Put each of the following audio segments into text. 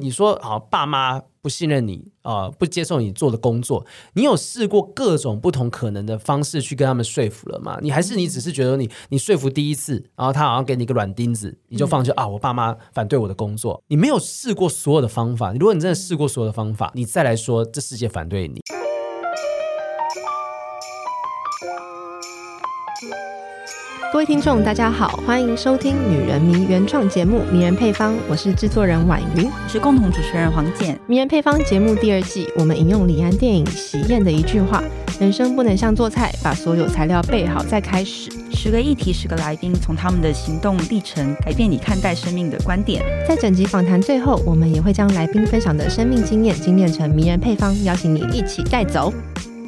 你說好，爸媽不信任你，呃，不接受你做的工作，你有試過各種不同可能的方式去跟他們說服了嗎？你還是你只是覺得你你說服第一次，然後他好像給你一個軟釘子，你就放棄、嗯、啊？我爸媽反對我的工作，你沒有試過所有的方法。如果你真的試過所有的方法，你再來說這世界反對你。各位聽眾，大家好，歡迎收聽《女人迷》原創節目《迷人配方》，我是製作人婉瑜，我是共同主持人黃健。《迷人配方》節目第二季，我們引用李安電影《喜宴》的一句話：“人生不能像做菜，把所有材料備好再開始。”十個議題，十個來賓，從他們的行動歷程改變你看待生命的觀點。在整集訪談最後，我們也會將來賓分享的生命經驗精煉成迷人配方，邀請你一起帶走。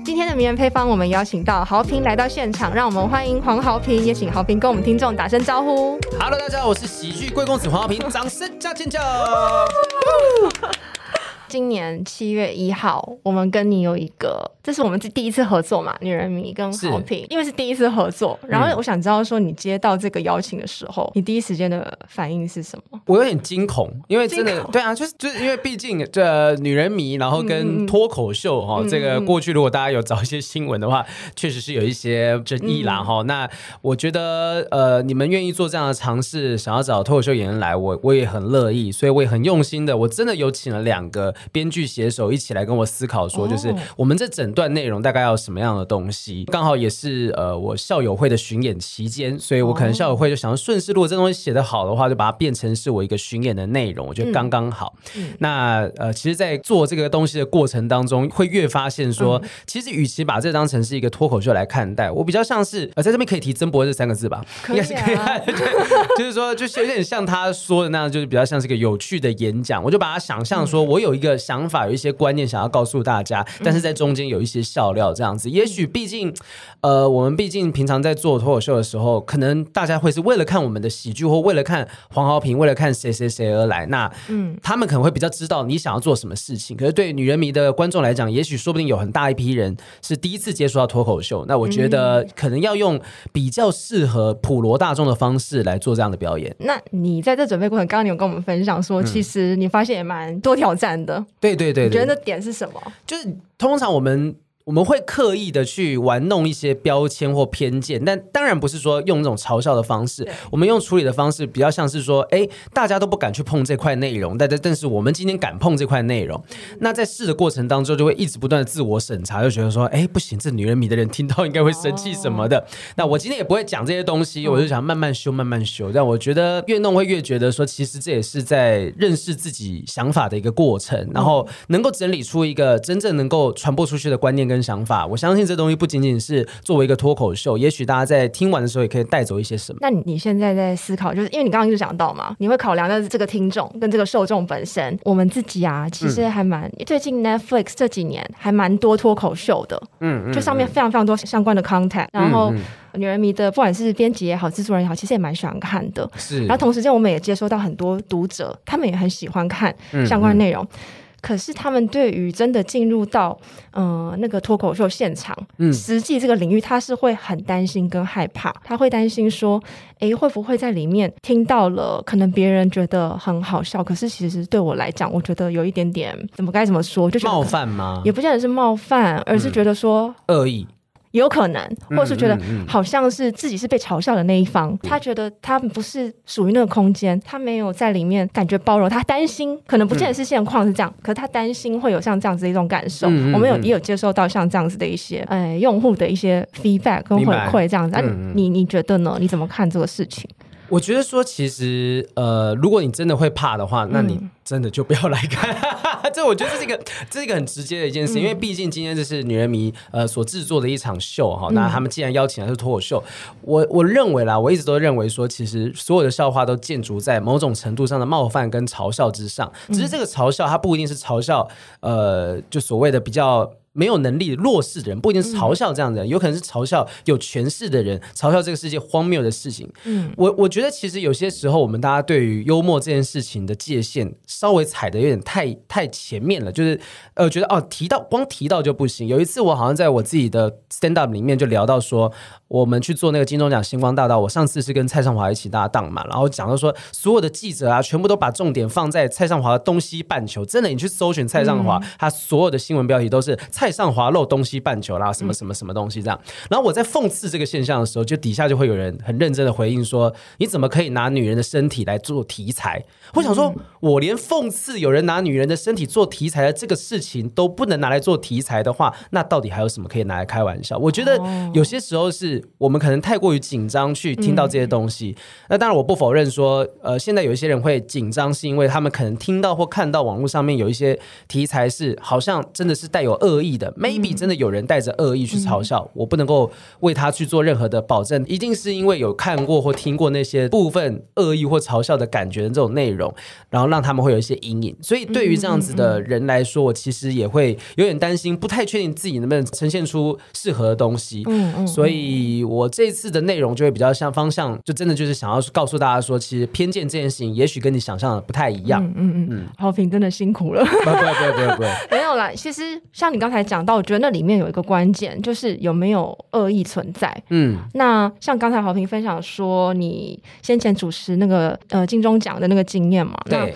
今天的迷人配方，我們邀請到豪平來到現場，讓我們歡迎黃豪平，也請豪平跟我們聽眾打聲招呼。Hello，大家好，我是喜劇貴公子黃豪平， 掌聲加尖叫。 今年七月一號，我們跟你有一個。這是我們第第一次合作嘛，《女人迷》跟豪平，因為是第一次合作。然後我想知道說，你接到這個邀請的時候，嗯、你第一時間的反應是什麼？我有點驚恐，因為真的，恐對啊，就是就是因為畢竟這、呃《女人迷》，然後跟脫口秀哈、嗯，這個過去如果大家有找一些新聞的話，確實是有一些爭議啦哈、嗯。那我覺得呃，你們願意做這樣的嘗試，想要找脫口秀演員來，我我也很樂意，所以我也很用心的，我真的有請了兩個編劇攜手一起來跟我思考說，說、哦、就是我們這整段。段內容大概要什麼樣的東西？剛好也是呃，我校友會的巡演期間，所以我可能校友會就想要順勢，如果這東西寫得好的話，就把它變成是我一個巡演的內容，我覺得剛剛好。嗯嗯、那呃，其實，在做這個東西的過程當中，會越發現說，其實與其把這當成是一個脫口秀來看待，我比較像是呃，在這邊可以提“曾博”這三個字吧，啊、應該是可以看，對 就是說，就是有點像他說的那樣，就是比較像是一個有趣的演講。我就把它想象說，我有一個想法，嗯、有一些觀念想要告訴大家，但是在中間有。一些笑料這樣子，也許畢竟，呃，我們畢竟平常在做脫口秀的時候，可能大家會是為了看我們的喜劇，或為了看黃豪平，為了看誰誰誰而來。那，嗯，他們可能會比較知道你想要做什麼事情。可是對女人迷的觀眾來講，也許說不定有很大一批人是第一次接觸到脫口秀。那我覺得可能要用比較適合普羅大眾的方式來做這樣的表演。那你在這準備過程，剛剛你有跟我們分享說，其實你發現也蠻多挑戰的。嗯、對，對對對，你覺得這點是什麼？就是。通常我們。我們會刻意的去玩弄一些標籤或偏見，但當然不是說用這種嘲笑的方式。對我們用處理的方式比較像是說，誒，大家都不敢去碰這塊內容，但但是我們今天敢碰這塊內容。那在試的過程當中，就會一直不斷的自我審查，就覺得說，誒，不行，這女人迷的人聽到應該會生氣什麼的。哦、那我今天也不會講這些東西，我就想慢慢修，慢慢修。嗯、但我覺得越弄會越覺得說，其實這也是在認識自己想法的一個過程，然後能夠整理出一個真正能夠傳播出去的觀念跟想法，我相信這東西不僅僅是作為一個脫口秀，也許大家在聽完的時候也可以帶走一些什麼。那你你現在在思考，就是因為你剛剛一直講到嘛，你會考量的這個聽眾跟這個受眾本身，我們自己啊，其實還蠻、嗯、最近 Netflix 這幾年還蠻多脫口秀的，嗯，就上面非常非常多相關的 content，、嗯、然後女人迷的不管是編輯也好，制作人也好，其實也蠻喜歡看的，是。然後同時間我們也接收到很多讀者，他們也很喜歡看相關的內容。嗯嗯可是他們對於真的進入到嗯、呃、那個脫口秀現場，嗯，實際這個領域，他是會很擔心跟害怕，他會擔心說，哎、欸，會不會在裡面聽到了，可能別人覺得很好笑，可是其實對我來講，我覺得有一點點怎麼該怎麼說，就是冒犯嗎？也不見得是冒犯，而是覺得說惡、嗯、意。有可能，或是覺得好像是自己是被嘲笑的那一方，嗯嗯、他覺得他不是屬於那個空間，他沒有在裡面感覺包容，他擔心，可能不見得是現況是這樣，嗯、可是他擔心會有像這樣子的一種感受。嗯嗯嗯、我們有也有接收到像這樣子的一些誒、哎、用戶的一些 feedback 跟回饋這樣子，明白。啊、你你覺得呢？你怎麼看這個事情？我覺得說，其實，呃，如果你真的會怕的話，那你真的就不要來看。嗯、 這我覺得這是一個， 這是一個很直接的一件事，嗯、因為畢竟今天這是女人迷呃所制作的一場秀哈。那他們既然邀請的是脫口秀，嗯、我我認為啦，我一直都認為說，其實所有的笑話都建築在某種程度上的冒犯跟嘲笑之上。只是這個嘲笑，它不一定是嘲笑，呃，就所謂的比較。沒有能力弱勢的人，不一定是嘲笑這樣的人，嗯、有可能是嘲笑有權勢的人，嘲笑這個世界荒謬的事情。嗯，我我覺得其實有些時候我們大家對於幽默這件事情的界限，稍微踩得有點太太前面了，就是呃，覺得哦，提到光提到就不行。有一次我好像在我自己的 stand up 裡面就聊到說，我們去做那個金鐘獎星光大道，我上次是跟蔡尚華一起搭檔嘛，然後講到說，所有的記者啊，全部都把重點放在蔡尚華的東西半球，真的，你去搜尋蔡尚華，嗯、他所有的新聞標題都是。太上華漏東西半球啦，什麼什麼什麼東西這樣。然後我在諷刺這個現象的時候，就底下就會有人很認真的回應說：“你怎麼可以拿女人的身體來做題材？”我想說，我連諷刺有人拿女人的身體做題材的這個事情都不能拿來做題材的話，那到底還有什麼可以拿來開玩笑？我覺得有些時候是我們可能太過於緊張去聽到這些東西。那當然，我不否認說，呃，現在有一些人會緊張，是因為他們可能聽到或看到網絡上面有一些題材是好像真的是帶有惡意。的 maybe 真的有人帶着惡意去嘲笑、嗯、我，不能夠為他去做任何的保證。嗯、一定是因為有看過或聽過那些部分惡意或嘲笑的感覺的這種內容，然後讓他們會有一些陰影。所以對於這樣子的人來說，嗯嗯嗯、我其實也會有點擔心，不太確定自己能不能呈現出適合的東西。嗯嗯，嗯所以我這次的內容就會比較像方向，就真的就是想要告訴大家說，其實偏見這件事情，也許跟你想象的不太一樣。嗯嗯嗯，嗯嗯嗯豪平真的辛苦了，不會不會不會， 沒有啦。其實像你剛才。講到，我覺得那裡面有一個關鍵，就是有沒有惡意存在。嗯，那像剛才豪平分享說，你先前主持那個呃金鐘獎的那個經驗嘛，對。那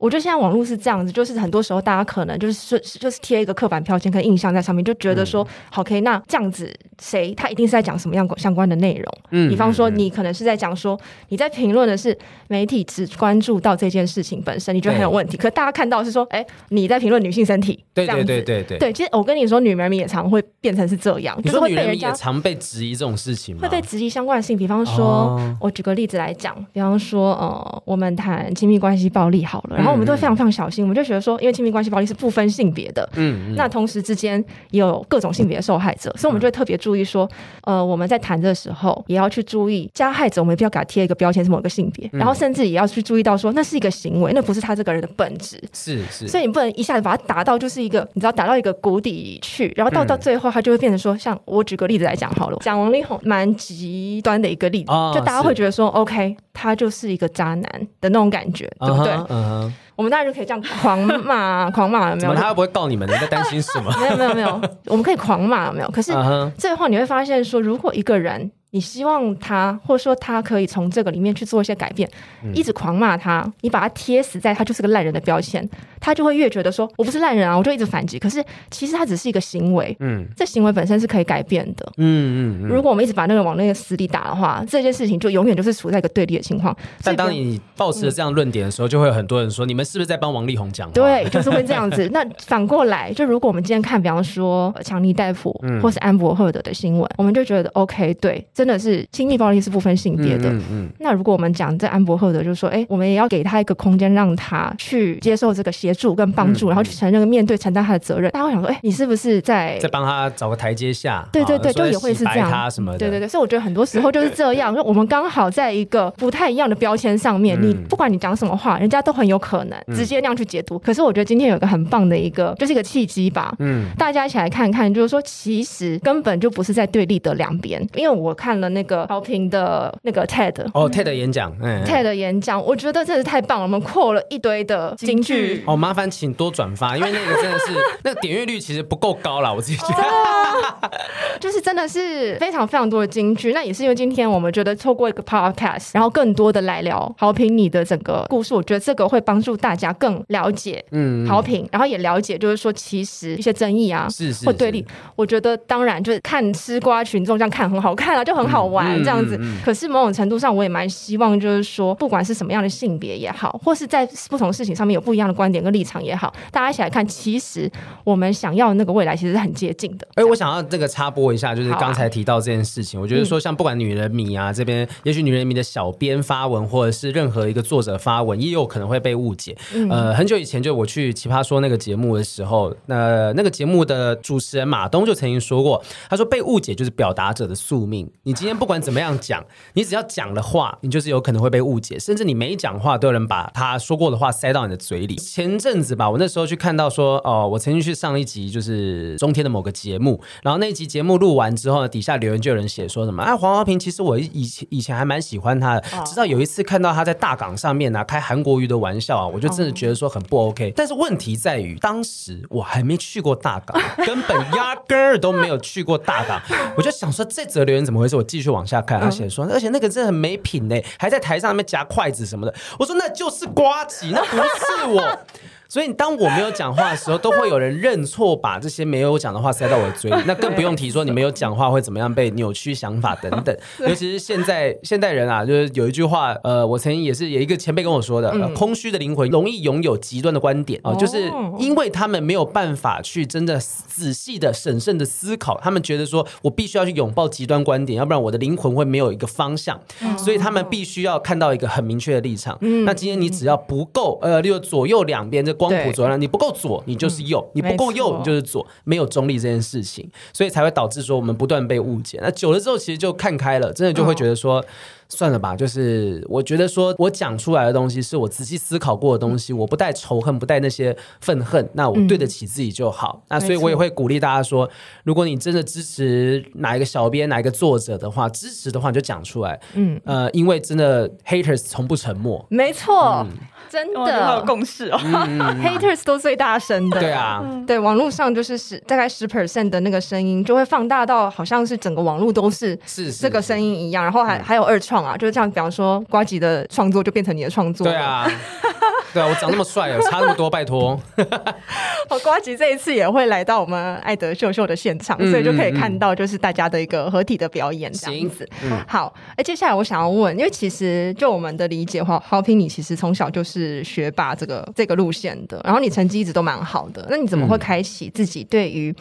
我覺得現在網絡是這樣子，就是很多時候大家可能就是說，就是貼一個刻板標籤跟印象在上面，就覺得說，好、嗯、，K，、okay, 那這樣子誰他一定是在講什麼樣相關的內容？嗯，比方說你可能是在講說，你在評論的是媒體只關注到這件事情本身，你覺得很有問題，對可大家看到是說，哎、欸，你在評論女性身體，對對對對對,對，其實我跟你說，女名人，人也常會變成是這樣，你說 就是會被人家也常被質疑這種事情嗎？會被質疑相關性。比方說，哦、我舉個例子來講，比方說，呃，我們談親密關係暴力好了，然後、嗯。我們都會非常非常小心，我們就覺得說，因為親密關係暴力是不分性別的，嗯，嗯那同時之間也有各種性別的受害者，嗯、所以我們就會特別注意說，呃，我們在談的時候也要去注意加害者，我們不要給他貼一個標籤是某個性別，嗯、然後甚至也要去注意到說，那是一個行為，那不是他這個人的本質，是是，是所以你不能一下子把他打到就是一個，你知道打到一個谷底去，然後到到最後他就會變成說，像我舉個例子來講好了，講王力宏蠻極端的一個例子，哦、就大家會覺得說是，OK，他就是一個渣男的那種感覺，哦、對不對？哦、嗯。嗯我們大家就可以這樣狂罵， 狂罵，有沒有？怎麼他又不會告你們？ 你在擔心什麼？ 沒有，沒有，沒有，我們可以狂罵，有沒有？可是最後你會發現，說如果一個人，你希望他，或者說他可以從這個裡面去做一些改變，一直狂罵他，你把他貼死在他就是個爛人的標籤，他就會越覺得說我不是爛人啊，我就一直反擊。可是其實他只是一個行為，嗯，這行為本身是可以改變的，嗯嗯。嗯嗯如果我們一直把那個往那個死裡打的話，這件事情就永遠就是處在一個對立的情況。所以但當你抱持了這樣論點的時候，嗯、就會有很多人說你們是不是在幫王力宏講？對，就是會這樣子。 那反過來，就如果我們今天看，比方說強尼戴普或是安伯赫德的新聞，嗯、我們就覺得 OK，對。真的是親密暴力是不分性別的。嗯。嗯，那如果我們講這安伯赫德，就是說，哎，我們也要給他一個空間，讓他去接受這個協助跟幫助，嗯、然後去承認、面對、承擔他的責任。嗯、大家會想說，哎，你是不是在在幫他找個台階下？對，對對對，啊、就也會是這樣。他什麼？對對對，所以我覺得很多時候就是這樣。因為我們剛好在一個不太一樣的標籤上面，對對對，你不管你講什麼話，人家都很有可能直接那樣去解讀。嗯、可是我覺得今天有一個很棒的一個，就是一個契機吧。嗯，大家一起來看看，就是說，其實根本就不是在對立的兩邊，因為我看。看了那個豪平的那個 TED 哦、嗯、TED 演講，嗯，TED 演講，嗯、我覺得真的是太棒了。我們擴了一堆的金句，金句哦，麻煩請多轉發，因為那個真的是 那個點閱率其實不夠高了，我自己覺得，哦、 就是真的是非常非常多的金句。那也是因為今天我們覺得錯過一個 podcast，然後更多的來聊豪平，你的整個故事，我覺得這個會幫助大家更了解嗯，豪平，然後也了解就是說其實一些爭議啊，是、是、是或對立，我覺得當然就是看吃瓜群眾這樣看很好看啊，就。很好玩，這樣子，嗯嗯嗯、可是某種程度上，我也蠻希望，就是說，不管是什麼樣的性別也好，或是在不同事情上面有不一樣的觀點跟立場也好，大家一起來看，其實我們想要的那個未來，其實是很接近的。哎，欸、我想要那個插播一下，就是剛才提到這件事情，啊、我覺得說，像不管女人迷啊這邊，也許女人迷的小編發文，或者是任何一個作者發文，也有可能會被誤解。嗯、呃，很久以前就我去奇葩說那個節目的時候，那那個節目的主持人馬東就曾經說過，他說被誤解就是表達者的宿命。你今天不管怎麼樣講，你只要講了話，你就是有可能會被誤解，甚至你沒講話，都有人把他說過的話塞到你的嘴裡。前陣子吧，我那時候去看到說，哦，我曾經去上一集就是中天的某個節目，然後那一集節目錄完之後呢，底下留言就有人寫說什麼，哎、啊，黃豪平，其實我以前以前還蠻喜歡他的，直到有一次看到他在大港上面呢、啊、開韓國瑜的玩笑啊，我就真的覺得說很不 OK。但是問題在於，當時我還沒去過大港，根本壓根兒都沒有去過大港， 我就想說這則留言怎麼回事？我繼續往下看，而且說，而且那個真的很沒品呢，還在台上面夾筷子什麼的。我說那就是呱吉，那不是我。 所以當我沒有講話的時候，都會有人認錯，把這些沒有講的話塞到我的嘴裡。 那更不用提說你沒有講話會怎麼樣被扭曲想法等等。 對尤其是現在現代人啊，就是有一句話，呃，我曾經也是有一個前輩跟我說的：空虛的靈魂容易擁有極端的觀點、嗯、啊，就是因為他們沒有辦法去真的仔細的審慎的思考，他們覺得說我必須要去擁抱極端觀點，要不然我的靈魂會沒有一個方向。所以他們必須要看到一個很明確的立場。嗯、那今天你只要不夠，呃，例如左右兩邊這。光譜左右，對你不夠左，你就是右；嗯、你不夠右，錯你就是左。沒有中立這件事情，所以才會導致說我們不斷被誤解。那久了之後，其實就看開了，真的就會覺得說，哦、算了吧。就是我覺得說我講出來的東西是我仔細思考過的東西，嗯、我不帶仇恨，不帶那些憤恨，那我對得起自己就好。嗯、那所以我也會鼓勵大家說，如果你真的支持哪一個小編、哪一個作者的話，支持的話你就講出來。嗯呃，因為真的 haters 從不沉默，沒錯錯。嗯真的好共識哦，haters 都最大聲的， 對啊，對，網絡上就是十大概十 percent 的那個聲音就會放大到好像是整個網絡都是這個聲音一樣，是是是，然後還是是，還有二創啊，嗯、就是這樣，比方說瓜吉的創作就變成你的創作，對啊。 對啊，我長那麼帥，差那麼多，拜託。 好，呱吉，這一次也會來到我們愛的秀秀的現場，嗯嗯嗯，所以就可以看到就是大家的一個合體的表演這樣子。嗯、好，欸、接下來我想要問，因為其實就我們的理解話，豪平你其實從小就是學霸這個這個路線的，然後你成績一直都蠻好的，那你怎麼會開啟自己對於？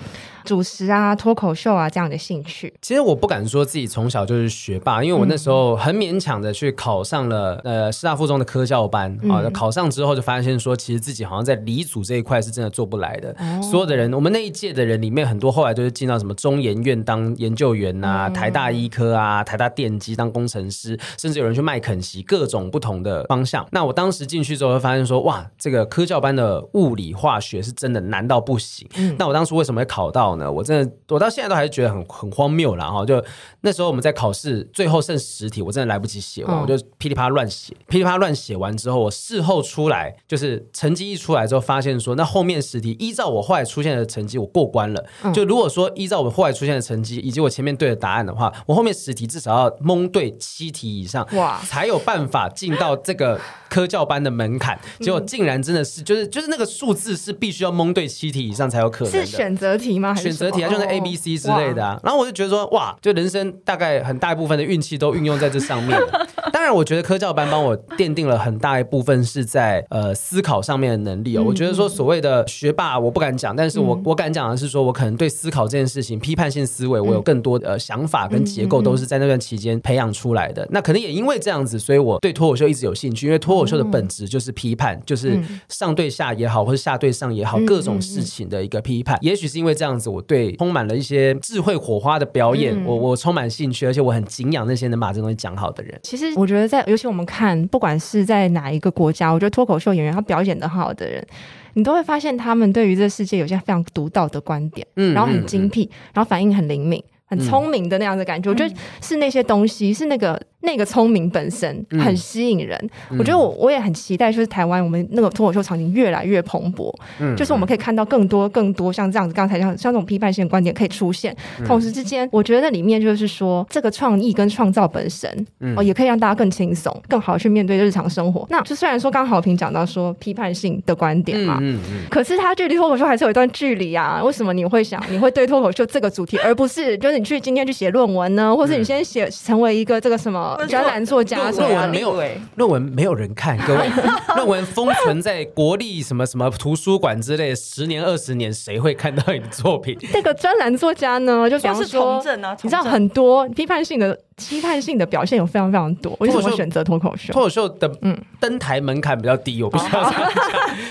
主持啊，脫口秀啊，這樣的興趣。其實我不敢說自己從小就是學霸，因為我那時候很勉強的去考上了呃師大附中的科教班、嗯、啊。考上之後就發現說，其實自己好像在理組這一塊是真的做不來的。哦、所有的人，我們那一屆的人裡面，很多後來都是進到什麼中研院當研究員吶、啊，嗯、台大醫科啊，台大電機當工程師，甚至有人去麥肯錫，各種不同的方向。那我當時進去之後，會發現說，哇，這個科教班的物理化學是真的難到不行。嗯、那我當時為什麼會考到呢？我真的，我到現在都還是覺得很很荒謬啦哈。就那時候我們在考試最後剩十題，我真的來不及寫完，嗯、我就噼裡啪亂寫，噼裡啪亂寫完之後，我事後出來就是成績一出來之後，發現說那後面十題依照我後來出現的成績，我過關了。嗯、就如果說依照我後來出現的成績以及我前面對的答案的話，我後面十題至少要蒙對七題以上，哇，才有辦法進到這個科教班的門檻。嗯、結果竟然真的是就是就是那個數字是必須要蒙對七題以上才有可能的是選擇題嗎？選擇題啊，就是 A、B、C 之類的啊。然後我就覺得說，哇，就人生大概很大一部分的運氣都運用在這上面。當然，我覺得科教班幫我奠定了很大一部分是在呃思考上面的能力喔。我覺得說，所謂的學霸，我不敢講，但是我我敢講的是說，我可能對思考這件事情、批判性思維，我有更多的、呃、想法跟結構，都是在那段期間培養出來的。那可能也因為這樣子，所以我對脫口秀一直有興趣，因為脫口秀的本質就是批判，就是上對下也好，或是下對上也好，各種事情的一個批判。也許是因為這樣子。我對充滿了一些智慧火花的表演，嗯、我我充滿興趣，而且我很敬仰那些能把這東西講好的人。其實我覺得在，在尤其我們看，不管是在哪一個國家，我覺得脫口秀演員他表演得好的人，你都會發現他們對於這世界有些非常獨到的觀點，嗯，然後很精闢，嗯、然後反應很靈敏，很聰明的那樣的感覺。嗯、我覺得是那些東西，是那個。那個聰明本身很吸引人，嗯、我覺得我我也很期待，就是台灣我們那個脫口秀場景越來越蓬勃，嗯嗯、就是我們可以看到更多更多像這樣子，剛才像像這種批判性的觀點可以出現。嗯、同時之間，我覺得那裡面就是說這個創意跟創造本身，哦、嗯，也可以讓大家更輕鬆，更好去面對日常生活。那就雖然說剛豪平講到說批判性的觀點嘛，嗯嗯嗯、可是它距離脫口秀還是有一段距離啊。為什麼你會想你會對脫口秀這個主題，而不是就是你去今天去寫論文呢？嗯、或是你先寫成為一個這個什麼？專欄作家，論文沒有，對啊，論文沒有人看，各位，論 文封存在國立什麼什麼圖書館之類，十年二十年，誰會看到你的作品？那 個專欄作家呢，就是說，是啊、你知道很多批判性的。期盼性的表現有非常非常多。為什說選擇脫口秀，脫口秀的嗯登台門檻比較低，我不知道。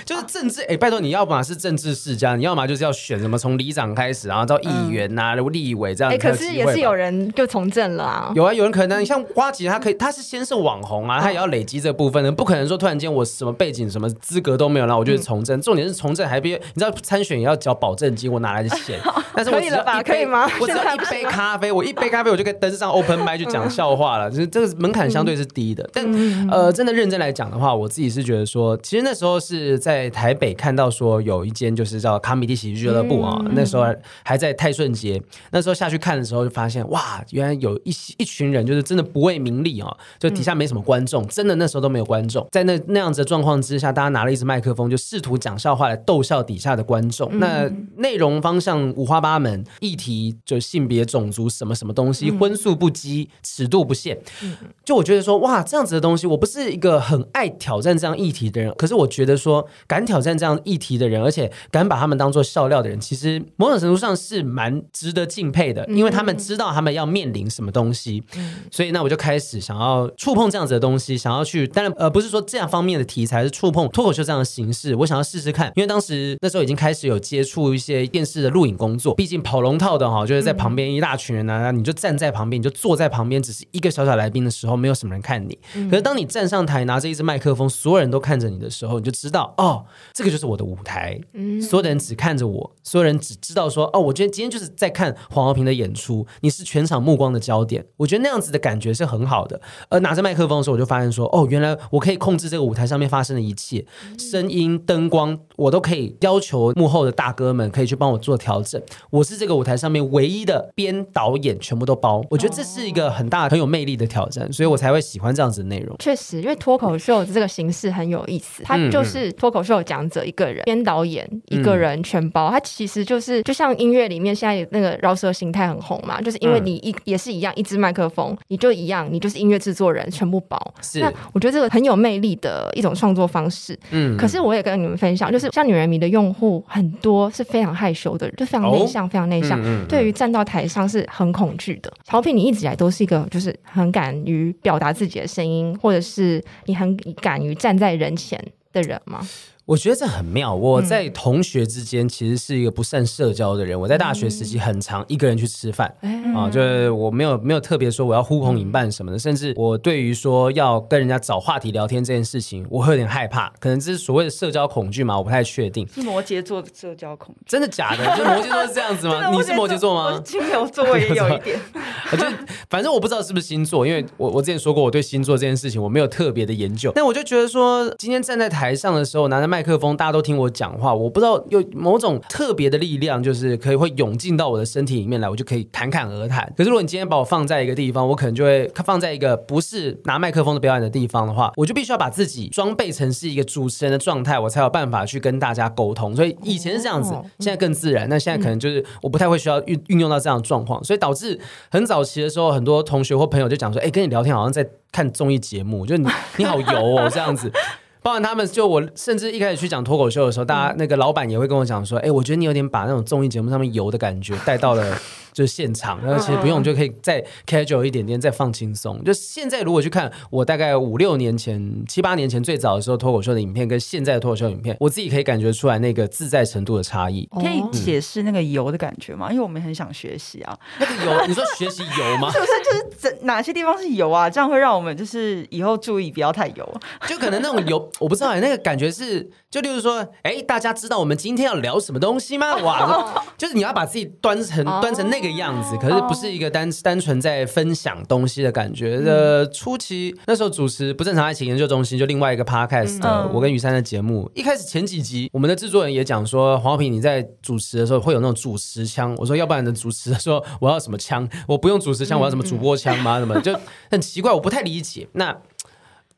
就是政治哎，拜托你要然是政治世家，你要麼就是要選什麼從里長開始，然後到議員吶、立委這樣。子可是也是有人就從政了啊。有啊，有人可能像瓜吉他可以，他是先是網紅啊，他也要累積這部分呢，不可能說突然間我什麼背景、什麼資格都沒有了，我就從政。重點是從政還不，你知道參選也要交保證金，我哪來的錢？但是我知道一可以嗎？我知道一杯咖啡，我一杯咖啡我就可以登上 Open m i 就講笑話了，嗯、就是這個門檻相對是低的，嗯、但、嗯、呃，真的認真來講的話，我自己是覺得說，其實那時候是在台北看到說有一間就是叫卡米蒂喜劇俱樂部啊，哦嗯、那時候還在泰順街，那時候下去看的時候就發現哇，原來有一一群人就是真的不為名利啊、哦，就底下沒什麼觀眾，嗯、真的那時候都沒有觀眾，在那那樣子的狀況之下，大家拿了一支麥克風就試圖講笑話來逗笑底下的觀眾，嗯、那內容方向五花八門，議題就性別、種族什麼什麼東西，葷素、嗯、不忌。尺度不限，就我覺得說哇，這樣子的東西，我不是一個很愛挑戰這樣議題的人。可是我覺得說，敢挑戰這樣議題的人，而且敢把他們當做笑料的人，其實某種程度上是蠻值得敬佩的，因為他們知道他們要面臨什麼東西。嗯嗯。所以那我就開始想要觸碰這樣子的東西，想要去，當然呃，不是說這樣方面的題材是觸碰脫口秀這樣的形式，我想要試試看。因為當時那時候已經開始有接觸一些電視的錄影工作，畢竟跑龍套的哈，就是在旁邊一大群人啊，嗯嗯。你就站在旁邊，你就坐在。旁邊只是一個小小來賓的時候，沒有什麼人看你。可是當你站上台，拿着一支麥克風，所有人都看着你的時候，你就知道，哦，這個就是我的舞台。所有的人只看着我，所有人只知道說，哦，我覺得今天就是在看黃豪平的演出。你是全場目光的焦點，我覺得那樣子的感覺是很好的。而拿着麥克風的時候，我就發現說，哦，原來我可以控制這個舞台上面發生的一切，聲音、燈光。我都可以要求幕後的大哥們可以去幫我做調整。我是這個舞台上面唯一的編導演，全部都包。我覺得這是一個很大的很有魅力的挑戰，所以我才會喜歡這樣子的內容。確實，因為脫口秀這個形式很有意思，它就是脫口秀講者一個人、嗯、編導演一個人全包，嗯、它其實就是就像音樂裡面現在那個饒舌形態很紅嘛，就是因為你一、嗯、也是一樣，一支麥克風你就一樣，你就是音樂制作人全部包。是那我覺得這個很有魅力的一種創作方式。嗯，可是我也跟你們分享，就是。像女人迷的用戶很多是非常害羞的人，就非常內向，哦、非常內向。嗯嗯嗯，對於站到台上是很恐懼的。豪平，你一直以來都是一個就是很敢於表達自己的聲音，或者是你很敢於站在人前的人嗎？我覺得這很妙。我在同學之間其實是一個不善社交的人。嗯、我在大學時期很常一個人去吃飯，嗯、啊，就是我沒有沒有特別說我要呼朋引伴什麼的。嗯、甚至我對於說要跟人家找話題聊天這件事情，我會有點害怕。可能這是所謂的社交恐懼嘛？我不太確定。是摩羯座的社交恐懼， 真的假的？就是、摩羯座是這樣子嗎？ 你是摩羯座嗎？金牛座也有一點。我反正我不知道是不是星座，因為我我之前說過我對星座這件事情我沒有特別的研究。 那我就覺得說今天站在台上的時候拿着麥。麥克風，大家都聽我講話。我不知道有某種特別的力量，就是可以會湧進到我的身體裡面來，我就可以侃侃而談。可是如果你今天把我放在一個地方，我可能就會放在一個不是拿麥克風的表演的地方的話，我就必須要把自己裝備成是一個主持人的狀態，我才有辦法去跟大家溝通。所以以前是這樣子，Oh, wow. 現在更自然。那現在可能就是我不太會需要運運用到這樣的狀況，嗯。所以導致很早期的時候，很多同學或朋友就講說：“哎、欸，跟你聊天好像在看綜藝節目，就你，你好油哦， 這樣子。”當然，他們就我甚至一開始去講脫口秀的時候，大家那個老板也會跟我講說：“哎、嗯、欸，我覺得你有點把那種綜藝節目上面油的感覺帶到了。”就現場，然後其實不用你就可以再 casual 一點點，再放輕鬆。Okay. 就現在，如果去看我大概五六年前、七八年前最早的時候脫口秀的影片，跟現在的脫口秀影片，我自己可以感覺出來那個自在程度的差異。Oh. 嗯、可以解釋那個油的感覺嗎？因為我們很想學習啊，那個油，你說學習油嗎？ 是不是就是哪哪些地方是油啊？這樣會讓我們就是以後注意不要太油。 就可能那種油，我不知道、欸、那個感覺是，就例如說，哎、欸，大家知道我們今天要聊什麼東西嗎？哇，oh. 就是你要把自己端成端成那個。的樣子，可是不是一個單、oh. 單純在分享東西的感覺。的、呃嗯、初期那時候主持不正常愛情研究中心，就另外一個 podcast 我跟雨珊的節目，oh. 一開始前幾集，我們的制作人也講說，黃豪平你在主持的時候會有那種主持腔，我說要不然你的主持說我要什麼腔，我不用主持腔，我要什麼主播腔嗎？嗯嗯什麼就很奇怪， 我不太理解那。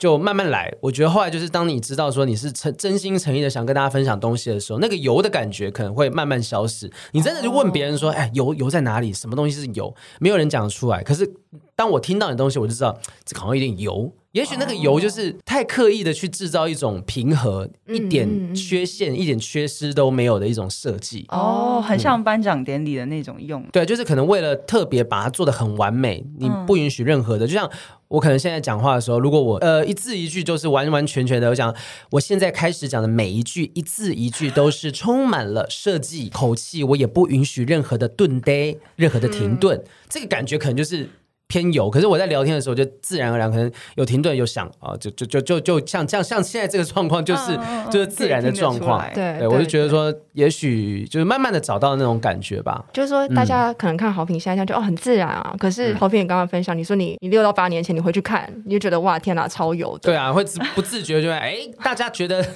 就慢慢來，我覺得後來就是當你知道說你是誠真心誠意的想跟大家分享東西的時候，那個油的感覺可能會慢慢消失。你真的就問別人說，哎、oh. 欸，油油在哪裡？什麼東西是油？沒有人講出來。可是當我聽到你的東西，我就知道這好像有點油。也許那個油就是太刻意的去製造一種平和，oh. 一點缺陷，一點缺失都沒有的一種設計。哦、oh, 嗯，很像頒獎典禮的那種用。對，就是可能為了特別把它做得很完美，你不允許任何的，oh. 就像。我可能現在講話的時候，如果我呃一字一句就是完完全全的，我想我現在開始講的每一句一字一句都是充滿了設計口氣，我也不允許任何的頓呆，任何的停頓，嗯、這個感覺可能就是。偏油，可是我在聊天的時候就自然而然，可能有停頓，有想啊，就就就就就像像像現在這個狀況，就是就是自然的狀況。對，我就覺得說，也許就是慢慢的找到那種感覺吧。就是說，大家可能看豪平現在這樣就哦很自然啊，可是豪平也剛剛分享，你說你你六到八年前你回去看，你就覺得哇天哪超油的。對啊，會不自覺就哎，大家覺得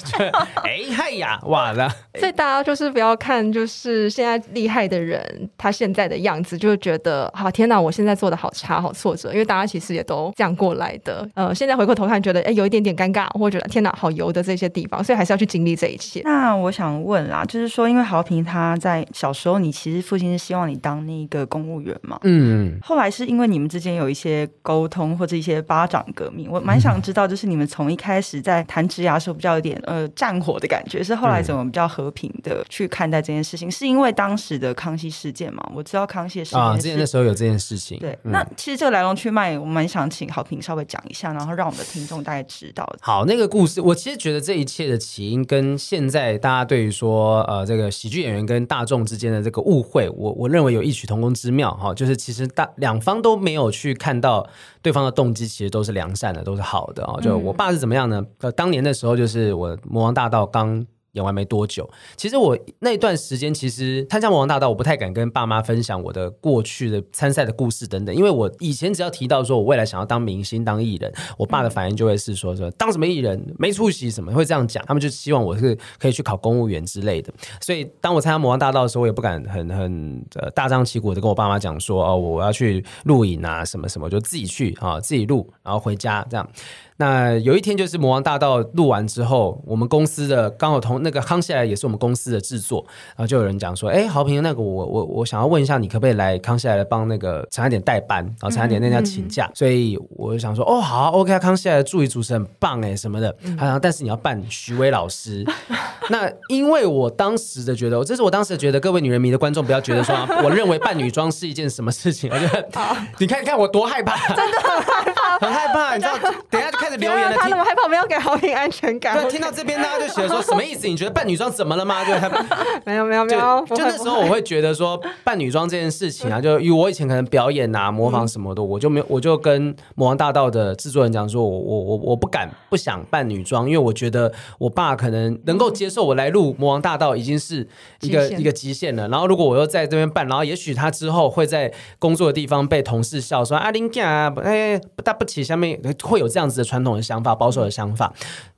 哎嗨呀哇啦。所以大家就是不要看就是現在厲害的人他現在的樣子，就覺得啊天哪，我現在做的好差。好挫折，因為大家其實也都這樣過來的。呃，現在回過頭看，覺得哎、欸，有一點點尷尬，或者覺得天哪，好油的這些地方，所以還是要去經歷這一切。那我想問啦，就是說，因為豪平他在小時候，你其實父親是希望你當那個公務員嘛？嗯。後來是因為你們之間有一些溝通，或者一些巴掌革命，我蠻想知道，就是你們從一開始在談職涯的時候比較有點呃戰火的感覺，是後來怎麼比較和平的去看待這件事情？嗯、是因為當時的康熙事件嘛？我知道康熙的事件啊，之前的時候有這件事情。對，嗯、那其實。這個來龍去脈，我蠻想請豪平稍微講一下，然後讓我們的聽眾大概知道。好，那個故事，我其實覺得這一切的起因跟現在大家對於說呃這個喜劇演員跟大眾之間的這個誤會，我我認為有異曲同工之妙哈、哦，就是其實大兩方都沒有去看到對方的動機，其實都是良善的，都是好的啊。嗯、就我爸是怎麼樣呢？當年的時候，就是我《魔王大道》剛。演完沒多久，其實我那段時間，其實參加《魔王大道》，我不太敢跟爸媽分享我的過去的參賽的故事等等，因為我以前只要提到說我未來想要當明星、當藝人，我爸的反應就會是說，說當什麼藝人沒出息什麼，會這樣講。他們就希望我是可以去考公務員之類的。所以當我參加《魔王大道》的時候，我也不敢很很大張旗鼓的跟我爸媽講說哦，我要去錄影啊，什麼什麼，就自己去啊，哦，自己錄，然後回家這樣。那有一天就是《魔王大道》錄完之後，我們公司的剛好同那個康熙來也是我們公司的製作，然後就有人講說：“哎、欸，豪平，那個我我我想要問一下，你可不可以來康熙來幫那個陳漢典代班？”然後陳漢典那天要請假，嗯嗯、所以我就想說：“哦，好，OK，康熙來的助理主持人很棒哎，什麼的。嗯”然想，但是你要扮徐薇老師， 那因為我當時的覺得，這是我當時的覺得，各位女人迷的觀眾不要覺得說、啊， 我認為扮女裝是一件什麼事情，我覺得你看你看我多害怕， 真的很害怕， 很害怕， 你知道？ 等下。開始表言，他那麼害怕，沒有給豪平安全感。聽到這邊呢，大家就寫說什麼意思？你覺得扮女裝怎麼了嗎？就沒有沒有沒有。就那時候我會覺得說，扮女裝這件事情啊，就因為我以前可能表演啊、模仿什麼的，我就沒有，我就跟《魔王大道》的製作人講說，我我我我不敢不想扮女裝，因為我覺得我爸可能能夠接受我來錄《魔王大道》已經是一個一個極限了。然後如果我又在這邊扮，然後也許他之後會在工作的地方被同事笑說阿林家，哎，不大不起，下面會有這樣子的。傳統的想法，保守的想法，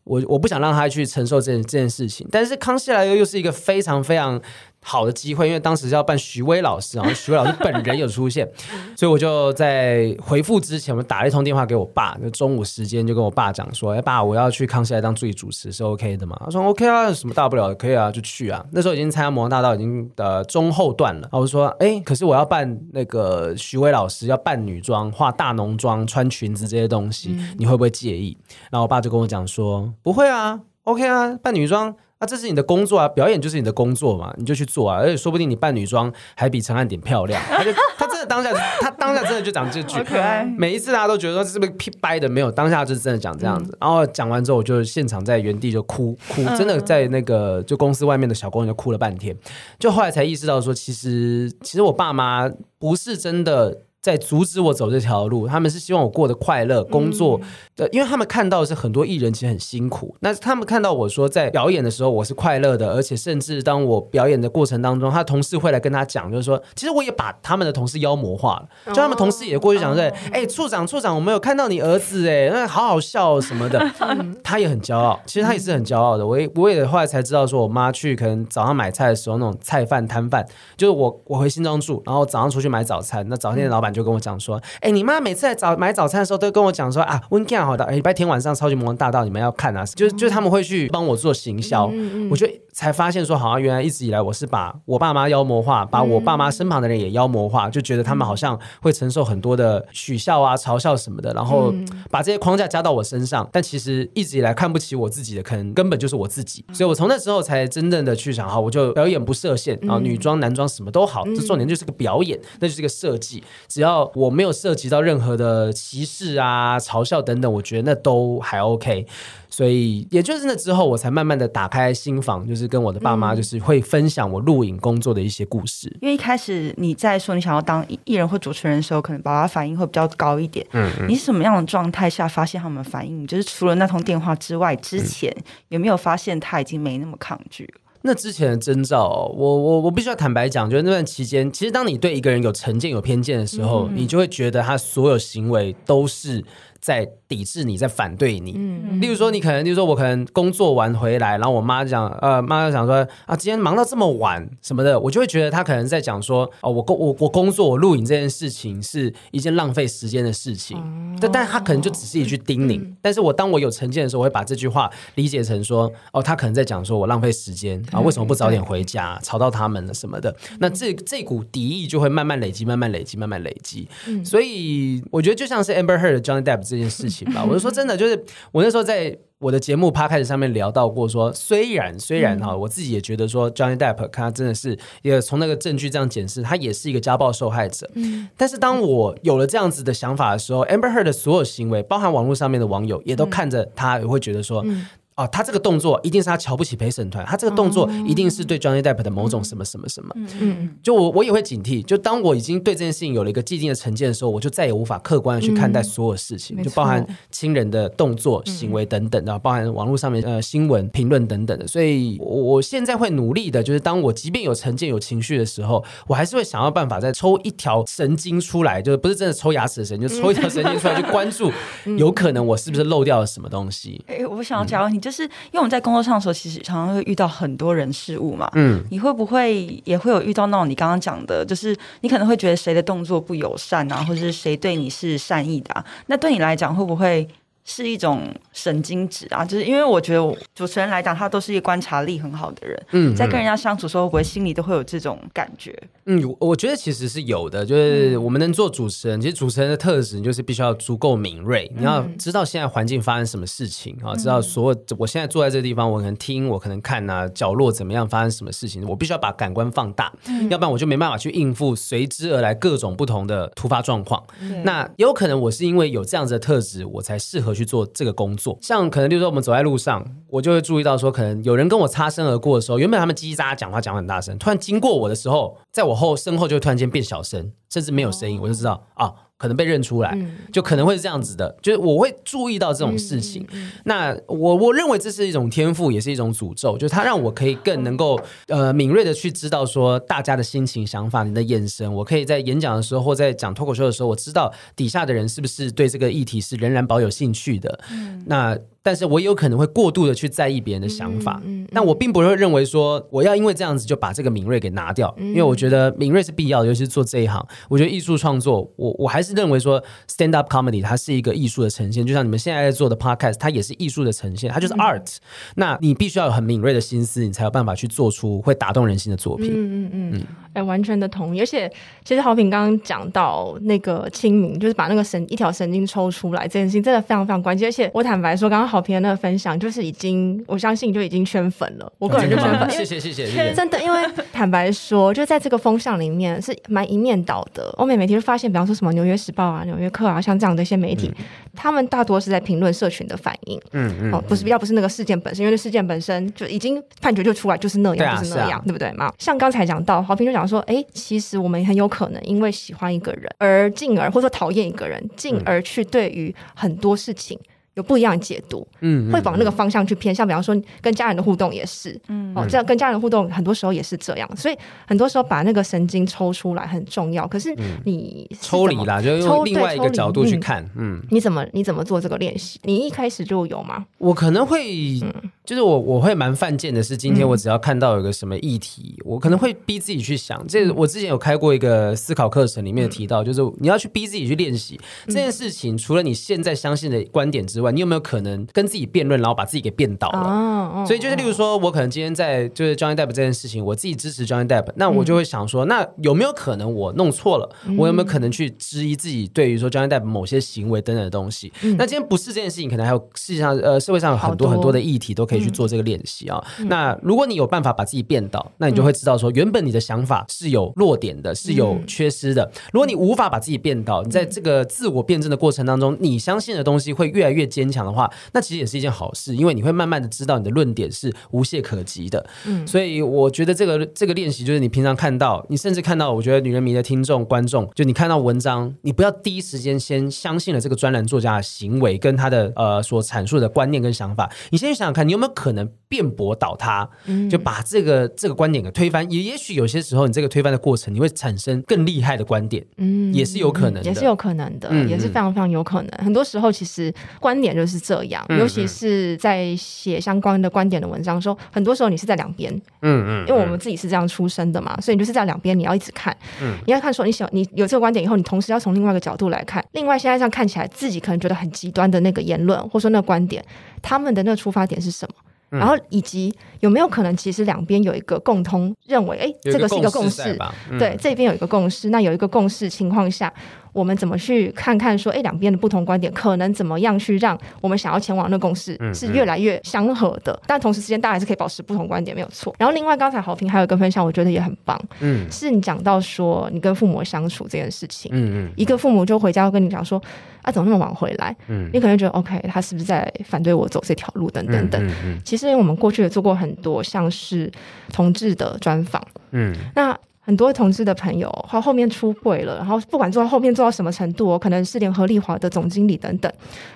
我我不想讓他去承受這這件事情。但是康熙來了又是一個非常非常好的機會，因為當時是要扮徐薇老師，然後徐薇老師本人有出現， 所以我就在回復之前，我打了一通電話給我爸，就中午時間就跟我爸講說：“哎、 欸、爸，我要去康熙來當助理主持，是 OK 的嘛？”他說：“OK 啊，有什麼大不了的，可以啊，就去啊。”那時候已經參加模王大道已經的中後段了，然後我說：“哎、欸，可是我要扮那個徐薇老師，要扮女裝，化大濃妝，穿裙子這些東西，嗯、你會不會介意？”然後我爸就跟我講說：“不會啊，OK 啊，扮女裝。”那、啊、這是你的工作啊，表演就是你的工作嘛，你就去做啊，而且說不定你扮女裝還比陳漢典漂亮。 他就他真的當下， 他當下真的就講這句，好可愛。每一次大家都覺得說這是不是 P 掰的？沒有，當下就是真的講這樣子。嗯、然後講完之後，我就現場在原地就哭哭，真的在那個就公司外面的小公園就哭了半天。就後來才意識到說，其實其實我爸媽不是真的。在阻止我走這條路，他們是希望我過得快樂，嗯、工作，的。因為他們看到的是很多藝人其實很辛苦，那他們看到我說在表演的時候我是快樂的，而且甚至當我表演的過程當中，他同事會來跟他講，就是說，其實我也把他們的同事妖魔化了，就他們同事也過去講說，哎、哦欸，處長處長，我沒有看到你兒子，哎，那好好笑什麼的，嗯、他也很驕傲，其實他也是很驕傲的，我也我也後來才知道，說我媽去可能早上買菜的時候那種菜販攤販，就是我我回新莊住，然後早上出去買早餐，那早餐店老板。就跟我講說，哎、欸，你媽每次來早買早餐的時候，都跟我講說啊溫 i i 好的，禮、欸、拜天晚上超級魔王大道你們要看啊，就就他們會去幫我做行銷。嗯嗯，我就才發現說，好像原來一直以來我是把我爸媽妖魔化，把我爸媽身旁的人也妖魔化，嗯嗯，就覺得他們好像會承受很多的取笑啊、嘲笑什麼的，然後把這些框架加到我身上。但其實一直以來看不起我自己的，可能根本就是我自己。所以我從那時候才真正的去想，好，我就表演不設限啊，然後女裝男裝什麼都好，嗯嗯，這重點就是個表演，那就是一個設計。只要我沒有涉及到任何的歧視啊、嘲笑等等，我覺得那都還 OK。所以，也就是那之後，我才慢慢的打開心房，就是跟我的爸媽，就是會分享我錄影工作的一些故事。嗯，因為一開始你在說你想要當藝人或主持人的時候，可能爸爸反應會比較高一點。嗯嗯，你是什麼樣的狀態下發現他們的反應？就是除了那通電話之外，之前有沒有發現他已經沒那麼抗拒了？那之前的徵兆，我我我必須要坦白講，就是那段期間，其實當你對一個人有成見、有偏見的時候，嗯、哼你就會覺得他所有行為都是在抵制你，在反對你。嗯、例如說，你可能就是說，我可能工作完回來，然後我媽講，呃，媽就講說，啊，今天忙到這麼晚什麼的，我就會覺得她可能在講說，哦，我工我我工作我錄影這件事情是一件浪費時間的事情。但，哦，但他可能就只是一句叮嚀。哦嗯嗯嗯，但是我當我有成見的時候，我會把這句話理解成說，哦，他可能在講說我浪費時間啊，為什麼不早點回家，吵到他們了什麼的？嗯、那這這一股敵意就會慢慢累積，慢慢累積，慢慢累積。嗯、所以，我覺得就像是 Amber Heard、Johnny Depp 這件事情。 我就說真的，就是我那時候在我的節目 Podcast 上面聊到過說，說雖然雖然哈，我自己也覺得說 Johnny Depp 他真的是也從那個證據這樣檢視，他也是一個家暴受害者。嗯、但是當我有了這樣子的想法的時候、嗯、，Amber Heard 的所有行為，包含網絡上面的網友，嗯、也都看着他，也會覺得說。嗯啊、哦，他這個動作一定是他瞧不起陪審團，他這個動作一定是對 Johnny Depp 的某種什麼什麼什麼。嗯嗯。就我我也會警惕，就當我已經對這件事情有了一個既定的成見的時候，我就再也無法客觀的去看待所有事情，就包含親人的動作、行為等等的，然後包含網絡上面呃新聞評論等等的。所以我，我我現在會努力的，就是當我即便有成見、有情緒的時候，我還是會想要辦法再抽一條神經出來，就是不是真的抽牙齒的神經，就抽一條神經出來去關注，有可能我是不是漏掉了什麼東西。哎，我想，假如你。就是因為我們在工作上的時候，其實常常會遇到很多人事物嘛。嗯，你會不會也會有遇到那種你剛剛講的，就是你可能會覺得誰的動作不友善啊，或者是誰對你是善意的啊，那對你來講會不會？是一種神經質啊，就是因為我覺得我主持人來講，他都是一個觀察力很好的人。嗯，嗯，在跟人家相處時候，我心裡都會有這種感覺。嗯，我覺得其實是有的。就是我們能做主持人，其實主持人的特質就是必須要足夠敏銳，你要知道現在環境發生什麼事情啊，嗯、知道所有我現在坐在這個地方，我可能聽，我可能看啊，角落怎麼樣發生什麼事情，我必須要把感官放大，嗯、要不然我就沒辦法去應付隨之而來各種不同的突發狀況。對那有可能我是因為有這樣子的特質，我才適合去。去做這個工作，像可能就是說，我們走在路上，我就會注意到說，可能有人跟我擦身而過的時候，原本他們嘰嘰喳喳講話講話很大聲，突然經過我的時候，在我後身後就會突然間變小聲，甚至沒有聲音，我就知道啊。可能被認出來，嗯、就可能會是這樣子的，就是我會注意到這種事情。嗯嗯、那我我認為這是一種天賦，也是一種詛咒，就是它讓我可以更能夠呃敏銳的去知道說大家的心情、想法、你的眼神。我可以在演講的時候或在講脫口秀的時候，我知道底下的人是不是對這個議題是仍然保有興趣的。嗯、那。但是我有可能會過度的去在意別人的想法，嗯嗯嗯、但我並不會認為說我要因為這樣子就把這個敏銳給拿掉，嗯、因為我覺得敏銳是必要的，尤其是做這一行。我覺得藝術創作，我我還是認為說，stand up comedy 它是一個藝術的呈現，就像你們現在在做的 podcast，它也是藝術的呈現，它就是 art、嗯。那你必須要有很敏銳的心思，你才有辦法去做出會打動人心的作品。嗯嗯嗯，哎、嗯嗯嗯欸，完全的同意。而且其實豪平剛剛講到那個清明，就是把那個神一條神經抽出來這件事情，真的非常非常關鍵。而且我坦白說，剛剛好。豪平的分享就是已經，我相信就已經圈粉了。我個人就圈粉， 謝謝謝謝。真的，因為坦白說，就在這個風向裡面是蠻一面倒的。歐美媒體就發現，比方說什麼《紐約時報》啊，《紐約客》啊，像這樣的一些媒體，嗯、他們大多是在評論社群的反應。嗯，嗯嗯。哦，不是，比較不是那個事件本身，因為那事件本身就已經判決就出來，就是那樣，啊、就是那樣，啊、對不對嘛？像剛才講到，豪平就講說，哎、欸，其實我們很有可能因為喜歡一個人，而進而或者說討厭一個人，進而去對於很多事情。嗯有不一樣的解讀，嗯，會往那個方向去偏。像比方說跟家人的互動也是，嗯，哦，這樣跟家人的互動很多時候也是這樣，所以很多時候把那個神經抽出來很重要。可是你是、嗯、抽離啦，就用另外一個角度去看，嗯，嗯，你怎麼你怎麼做這個練習？你一開始就有嗎？我可能會，嗯、就是我我會蠻犯賤的是，今天我只要看到有個什麼議題，嗯、我可能會逼自己去想。嗯、這我之前有開過一個思考課程，裡面提到，嗯、就是你要去逼自己去練習、嗯、這件事情，除了你現在相信的觀點之外。你有沒有可能跟自己辯論，然後把自己給辯倒了？啊、所以就是，例如說，我可能今天在就是 Johnny Depp 這件事情，我自己支持 Johnny Depp，那我就會想說，嗯、那有沒有可能我弄錯了？嗯、我有沒有可能去質疑自己對於說 Johnny Depp 某些行為等等的東西？嗯、那今天不是這件事情，可能還有世界上呃社會上有很多很多的議題都可以去做這個練習啊。嗯嗯、那如果你有辦法把自己辯倒，那你就會知道說，原本你的想法是有弱點的，是有缺失的。如果你無法把自己辯倒，你在這個自我辯證的過程當中，你相信的東西會越來越。堅強的話，那其實也是一件好事，因為你會慢慢的知道你的論點是無懈可擊的。嗯，所以我覺得這個這個練習，就是你平常看到，你甚至看到，我覺得女人迷的聽眾觀眾，就你看到文章，你不要第一時間先相信了這個專欄作家的行為跟他的呃所闡述的觀念跟想法，你先去想想看，你有沒有可能辯駁倒他，就把這個這個觀點給推翻。嗯、也也許有些時候，你這個推翻的過程，你會產生更厲害的觀點，嗯，也是有可能，也是有可能的，也是非常非常有可能。很多時候，其實觀點。點就是這樣，尤其是在寫相關的觀點的文章說，說、嗯、很多時候你是在兩邊、嗯，嗯嗯，因為我們自己是這樣出生的嘛，所以你就是在兩邊，你要一直看，嗯，你要看說你想你有這個觀點以後，你同時要從另外一個角度來看，另外現在這樣看起來自己可能覺得很極端的那個言論，或者說那個觀點，他們的那個出發點是什麼？嗯、然後以及有沒有可能其實兩邊有一個共通認為，哎、欸，個這個是一個共識，吧對，嗯、這邊有一個共識，那有一個共識情況下。我們怎麼去看看說，哎，兩邊的不同觀點可能怎麼樣去讓我們想要前往的共識是越來越相合的？嗯嗯、但同時之間，大家還是可以保持不同觀點，沒有錯。然後，另外剛才豪平還有一個分享，我覺得也很棒，嗯、是你講到說你跟父母相處這件事情，嗯嗯，嗯一個父母就回家要跟你講說，啊，怎麼那麼晚回來？嗯，你可能覺得 OK，他是不是在反對我走這條路？等等等。嗯嗯嗯、其實我們過去也做過很多像是同志的專訪，嗯，嗯那。很多同事的朋友，他後，後面出櫃了，然後不管做到後面做到什麼程度，我可能是聯合利華的總經理等等，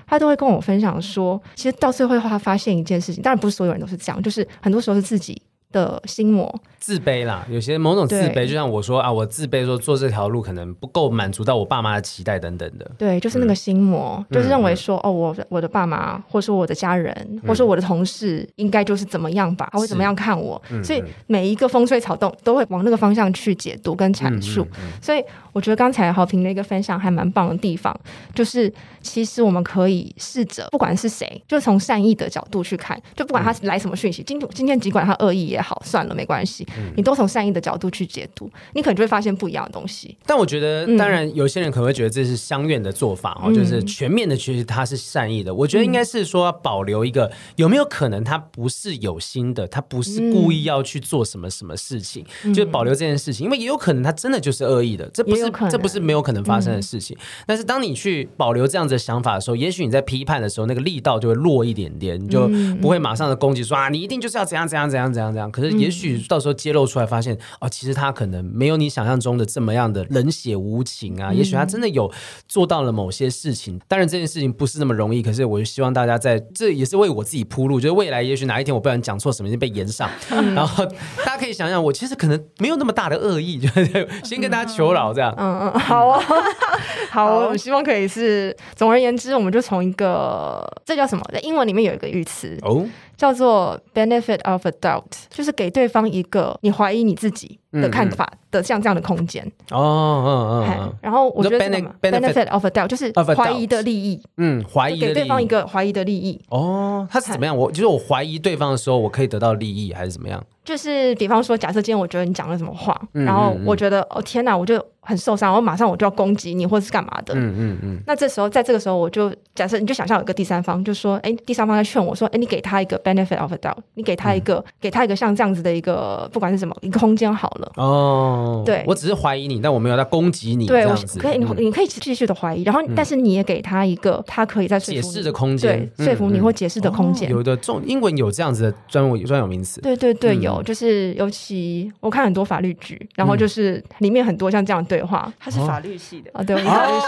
他都會跟我分享說，其實到最後他發現一件事情，當然不是所有人都是這樣，就是很多時候是自己。的心魔，自卑啦，有些某種自卑，對就像我說啊，我自卑說做這條路可能不夠滿足到我爸媽的期待等等的。對，就是那個心魔，嗯、就是認為說嗯嗯哦，我我的爸媽，或者說我的家人，嗯、或者說我的同事，應該就是怎麼樣吧，是他會怎麼樣看我，嗯嗯所以每一個風吹草動都會往那個方向去解讀跟闡述。嗯嗯嗯嗯所以我覺得剛才豪平的一個分享還蠻棒的地方，就是其實我們可以試着不管是誰，就從善意的角度去看，就不管他來什麼訊息，今、嗯、今天儘管他惡意。好，算了，沒關係。嗯、你都從善意的角度去解讀，你可能就會發現不一樣的東西。但我覺得，嗯、當然有些人可能會覺得這是鄉願的做法，哦、嗯，就是全面的，其實他是善意的。嗯、我覺得應該是說要保留一個，有沒有可能他不是有心的，他不是故意要去做什麼什麼事情，嗯、就是保留這件事情，因為也有可能他真的就是惡意的，這不是，這不是沒有可能發生的事情。嗯、但是當你去保留這樣子的想法的時候，也許你在批判的時候，那個力道就會弱一點點，你就不會馬上的攻擊說、嗯、啊，你一定就是要怎樣怎樣怎樣怎樣怎樣。可是，也許到時候揭露出來，發現、嗯、哦，其實他可能沒有你想象中的這麼樣的冷血無情啊。嗯、也許他真的有做到了某些事情，當然這件事情不是那麼容易。可是，我就希望大家在這也是為我自己鋪路，就是未來也許哪一天我不小心講錯什麼，就被炎上。嗯、然後大家可以想想，我其實可能沒有那麼大的惡意，就、嗯、 先跟大家求饒這樣。嗯嗯，好啊、哦，嗯、好，我 希望可以是。總而言之，我們就從一個這叫什麼，在英文裡面有一個語詞哦。叫做 benefit of a doubt，就是給對方一個你懷疑你自己的看法的像這樣的空間哦，嗯嗯，然後我覺得 benefit of a doubt 就是懷疑的利益，嗯，懷疑，給對方一個懷疑的利益哦，他是怎麼樣？我就是我懷疑對方的時候，我可以得到利益還是怎麼樣？就是比方說，假設今天我覺得你講了什麼話，然後我覺得哦天哪，我就很受傷，我馬上我就要攻擊你或者是幹嘛的，嗯嗯嗯。那這時候在這個時候，我就假設你就想象有個第三方，就說哎，第三方在勸我說，哎，你給他一個 benefit of a doubt，你給他一個給他一個像這樣子的一個不管是什麼一個空間好了。哦，對，我只是懷疑你，但我沒有在攻擊你。對我可以，你你可以繼續的懷疑，然後但是你也給他一個他可以再解釋的空間，對。說服你或解釋的空間。有的中英文有這樣子的專有專有名詞，對對對，有就是尤其我看很多法律劇，然後就是裡面很多像這樣對話，他是法律系的啊，對，法律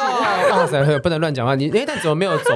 系啊，不能亂講話。你哎，但怎麼沒有走？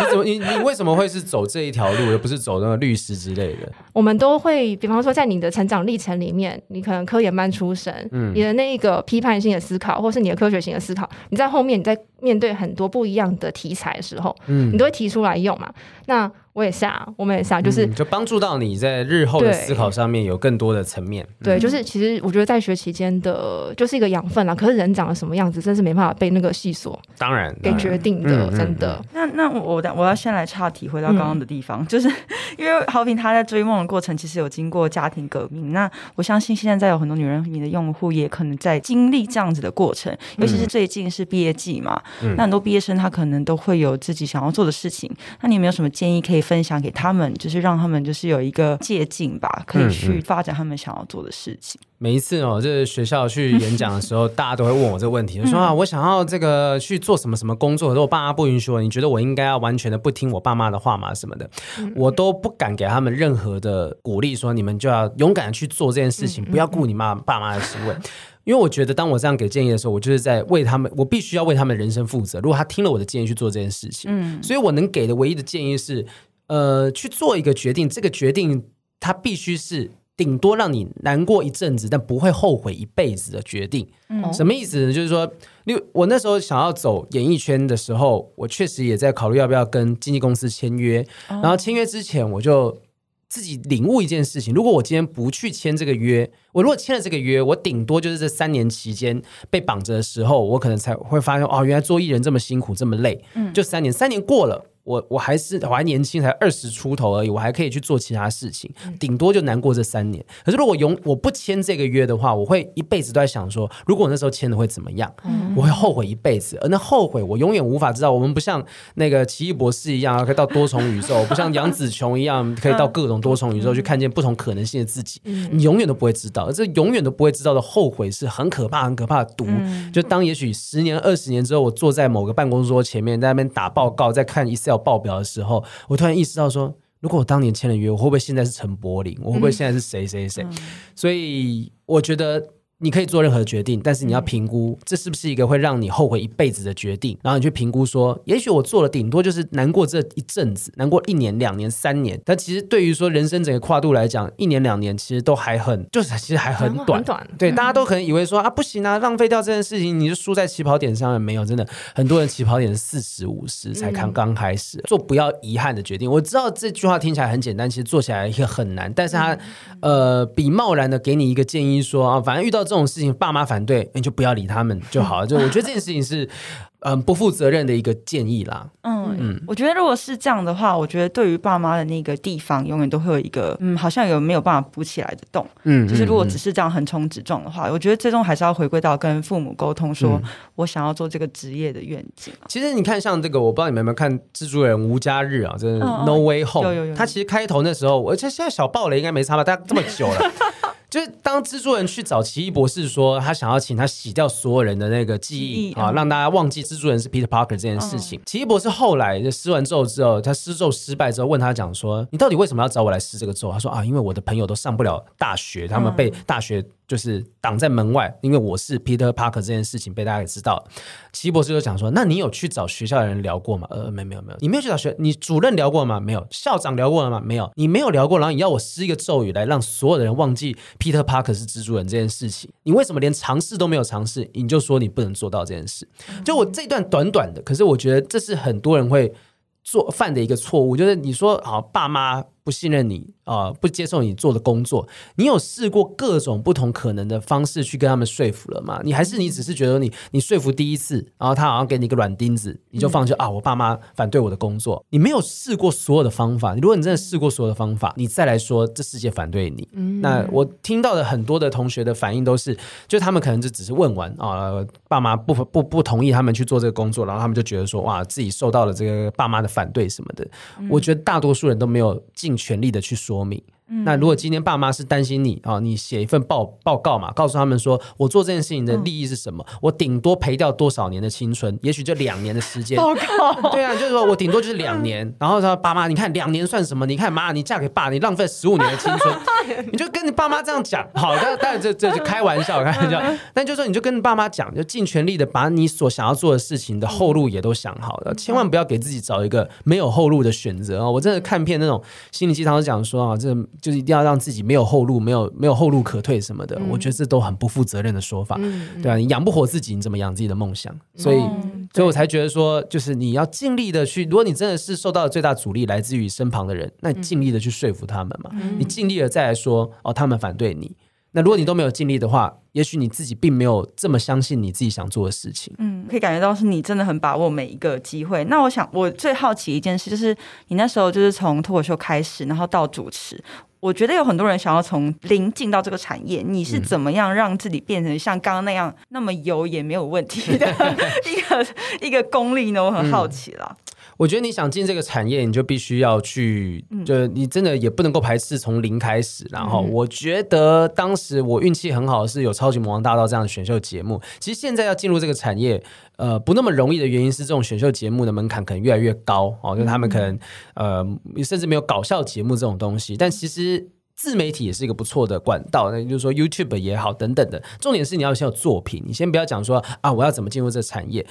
你怎麼你你為什麼會是走這一條路，而不是走那個律師之類的？我們都會，比方說在你的成長歷程裡面，你可能科研。慢慢出神，嗯、你的那一個批判性的思考，或是你的科學性的思考，你在後面你在面對很多不一樣的題材的時候，嗯、你都會提出來用嘛？那。我也下，我們也下，就是、嗯、就幫助到你在日後的思考上面有更多的層面。對，嗯、就是其實我覺得在學期間的就是一個養分啦，可是人長得什麼樣子，真是沒辦法被那個系所當然給決定的，嗯嗯、真的。那那我我要先來岔題，回到剛剛的地方，嗯、就是因為豪平他在追夢的過程，其實有經過家庭革命。那我相信現在有很多女人迷的用戶，也可能在經歷這樣子的過程。尤其是最近是畢業季嘛，那很多畢業生他可能都會有自己想要做的事情。那你有沒有什麼建議可以分享給他們，就是讓他們就是有一個捷徑吧，可以去發展他們想要做的事情。嗯嗯，每一次哦，這學校去演講的時候， 大家都會問我這個問題，就說啊， 我想要這個去做什麼什麼工作，說我爸媽不允許我。你覺得我應該要完全的不聽我爸媽的話嗎？什麼的，我都不敢給他們任何的鼓勵，說你們就要勇敢去做這件事情，不要顧你媽爸媽的行為。 因為我覺得，當我這樣給建議的時候，我就是在為他們，我必須要為他們的人生負責。如果他聽了我的建議去做這件事情，嗯， 所以我能給的唯一的建議是，呃，去做一個決定，這個決定它必須是頂多讓你難過一陣子，但不會後悔一輩子的決定。嗯、什麼意思呢？就是說，因為我那時候想要走演藝圈的時候，我確實也在考慮要不要跟經紀公司簽約。然後簽約之前，我就自己領悟一件事情：如果我今天不去簽這個約，我如果簽了這個約，我頂多就是這三年期間被綁着的時候，我可能才會發現哦，原來做藝人這麼辛苦，這麼累。嗯，就三年，嗯、三年過了。我我還是我還年輕，才二十出頭而已，我還可以去做其他事情，頂多就難過這三年。可是如果永我不簽這個約的話，我會一輩子都在想說，如果我那時候簽了會怎麼樣？嗯、我會後悔一輩子。而那後悔，我永遠無法知道。我們不像那個奇異博士一樣、啊、可以到多重宇宙，不像楊紫瓊一樣可以到各種多重宇宙去看見不同可能性的自己，你永遠都不會知道。而這永遠都不會知道的後悔，是很可怕、很可怕的毒。嗯、就當也許十年、二十年之後，我坐在某個辦公桌前面，在那邊打報告，在看 Excel，報表的時候，我突然意識到說，如果我當年簽了約，我會不會現在是陳柏霖？我會不會現在是誰誰誰？嗯嗯、所以我覺得。你可以做任何決定，但是你要評估這是不是一個會讓你後悔一輩子的決定。嗯、然後你去評估說，也許我做了頂多就是難過這一陣子，難過一年、兩年、三年。但其實對於說人生整個跨度來講，一年、兩年其實都還很，就是其實還很短。很短對，嗯、大家都可能以為說啊，不行啊，浪費掉這件事情，你就輸在起跑點上了。沒有，真的很多人起跑點是四十五十才剛剛開始，做不要遺憾的決定。我知道這句話聽起來很簡單，其實做起來也很難。但是他、嗯、呃，比貿然的給你一個建議說啊，反正遇到。這種事情爸媽反對，你就不要理他們就好了。就我覺得這件事情是，嗯，不負責任的一個建議啦。嗯嗯，我覺得如果是這樣的話，我覺得對於爸媽的那個地方，永遠都會有一個，嗯，好像有沒有辦法補起來的洞。嗯，就是如果只是這樣橫衝直撞的話，我覺得最終還是要回歸到跟父母溝通，說我想要做這個職業的願景。其實你看，像這個，我不知道你們有沒有看《蜘蛛人：無家日》啊，就是 No Way Home。有有有。他其實開頭那時候，而且現在小暴雷應該沒差吧？大家這麼久了。就是當蜘蛛人去找奇異博士說，他想要請他洗掉所有人的那個記憶啊，讓大家忘記蜘蛛人是 Peter Parker 這件事情。Oh. 奇異博士後來就施完咒之後，他施咒失敗之後，問他講說：“你到底為什麼要找我來施這個咒？”他說：“啊，因為我的朋友都上不了大學，他們被大學就是擋在門外，因為我是 Peter Parker 這件事情被大家給知道了。”奇異博士就講說：“那你有去找學校的人聊過嗎？”呃，沒，沒有，沒有。你沒有去找學你主任聊過嗎？沒有。校長聊過了嗎？沒有。你沒有聊過，然後你要我施一個咒語來讓所有的人忘記 Peter Parker 是蜘蛛人這件事情，你為什麼連嘗試都沒有嘗試，你就說你不能做到這件事？就我這段短短的，可是我覺得這是很多人會做犯的一個錯誤，就是你說好爸媽。不信任你啊、呃，不接受你做的工作，你有試過各種不同可能的方式去跟他們說服了嗎？你還是你只是覺得你你說服第一次，然後他好像給你一個軟釘子，你就放棄、嗯、啊，我爸媽反對我的工作，你沒有試過所有的方法。如果你真的試過所有的方法，你再來說這世界反對你。嗯、那我聽到的很多的同學的反應都是，就他們可能就只是問完啊，爸媽不不不同意他們去做這個工作，然後他們就覺得說哇，自己受到了這個爸媽的反對什麼的。嗯、我覺得大多數人都沒有進。全力的去說明。嗯、那如果今天爸媽是擔心你啊，你寫一份報報告嘛，告訴他們說，我做這件事情的利益是什麼，嗯、我頂多賠掉多少年的青春，嗯、也許就兩年的時間。報告。對啊，就是說我頂多就是兩年。嗯、然後他說爸媽，你看兩年算什麼？你看媽，你嫁給爸，你浪費十五年的青春，嗯、你就跟你爸媽這樣講。好，但但這這是開玩笑，開玩笑。但就是說你就跟你爸媽講，就盡全力的把你所想要做的事情的後路也都想好了，嗯、千萬不要給自己找一個沒有後路的選擇啊！嗯、我真的看片那種心理雞湯都講說啊，這。就是一定要讓自己沒有後路，沒有沒有後路可退什麼的，嗯、我覺得這都很不負責任的說法，嗯嗯對啊，你養不活自己，你怎麼養自己的夢想？所以，嗯、所以我才覺得說，就是你要盡力的去，如果你真的是受到最大阻力來自於身旁的人，那你盡力的去說服他們嘛，嗯嗯你盡力了再來說，哦，他們反對你。那如果你都沒有盡力的話，對也許你自己並沒有這麼相信你自己想做的事情。嗯，可以感覺到是你真的很把握每一個機會。那我想我最好奇一件事就是，你那時候就是從脫口秀開始，然後到主持。我覺得有很多人想要從零進到這個產業，你是怎麼樣讓自己變成像剛剛那樣那麼油也沒有問題的、嗯、 一個一個功力呢？我很好奇了。嗯我覺得你想進這個產業，你就必須要去，就你真的也不能夠排斥從零開始。嗯、然後，我覺得當時我運氣很好，是有《超級模王大道》這樣的選秀節目。其實現在要進入這個產業，呃，不那麼容易的原因是，這種選秀節目的門檻可能越來越高哦，就他們可能呃，甚至沒有搞笑節目這種東西。但其實自媒體也是一個不錯的管道，那就是說 YouTube 也好等等的。重點是你要先有作品，你先不要講說啊，我要怎麼進入這個產業。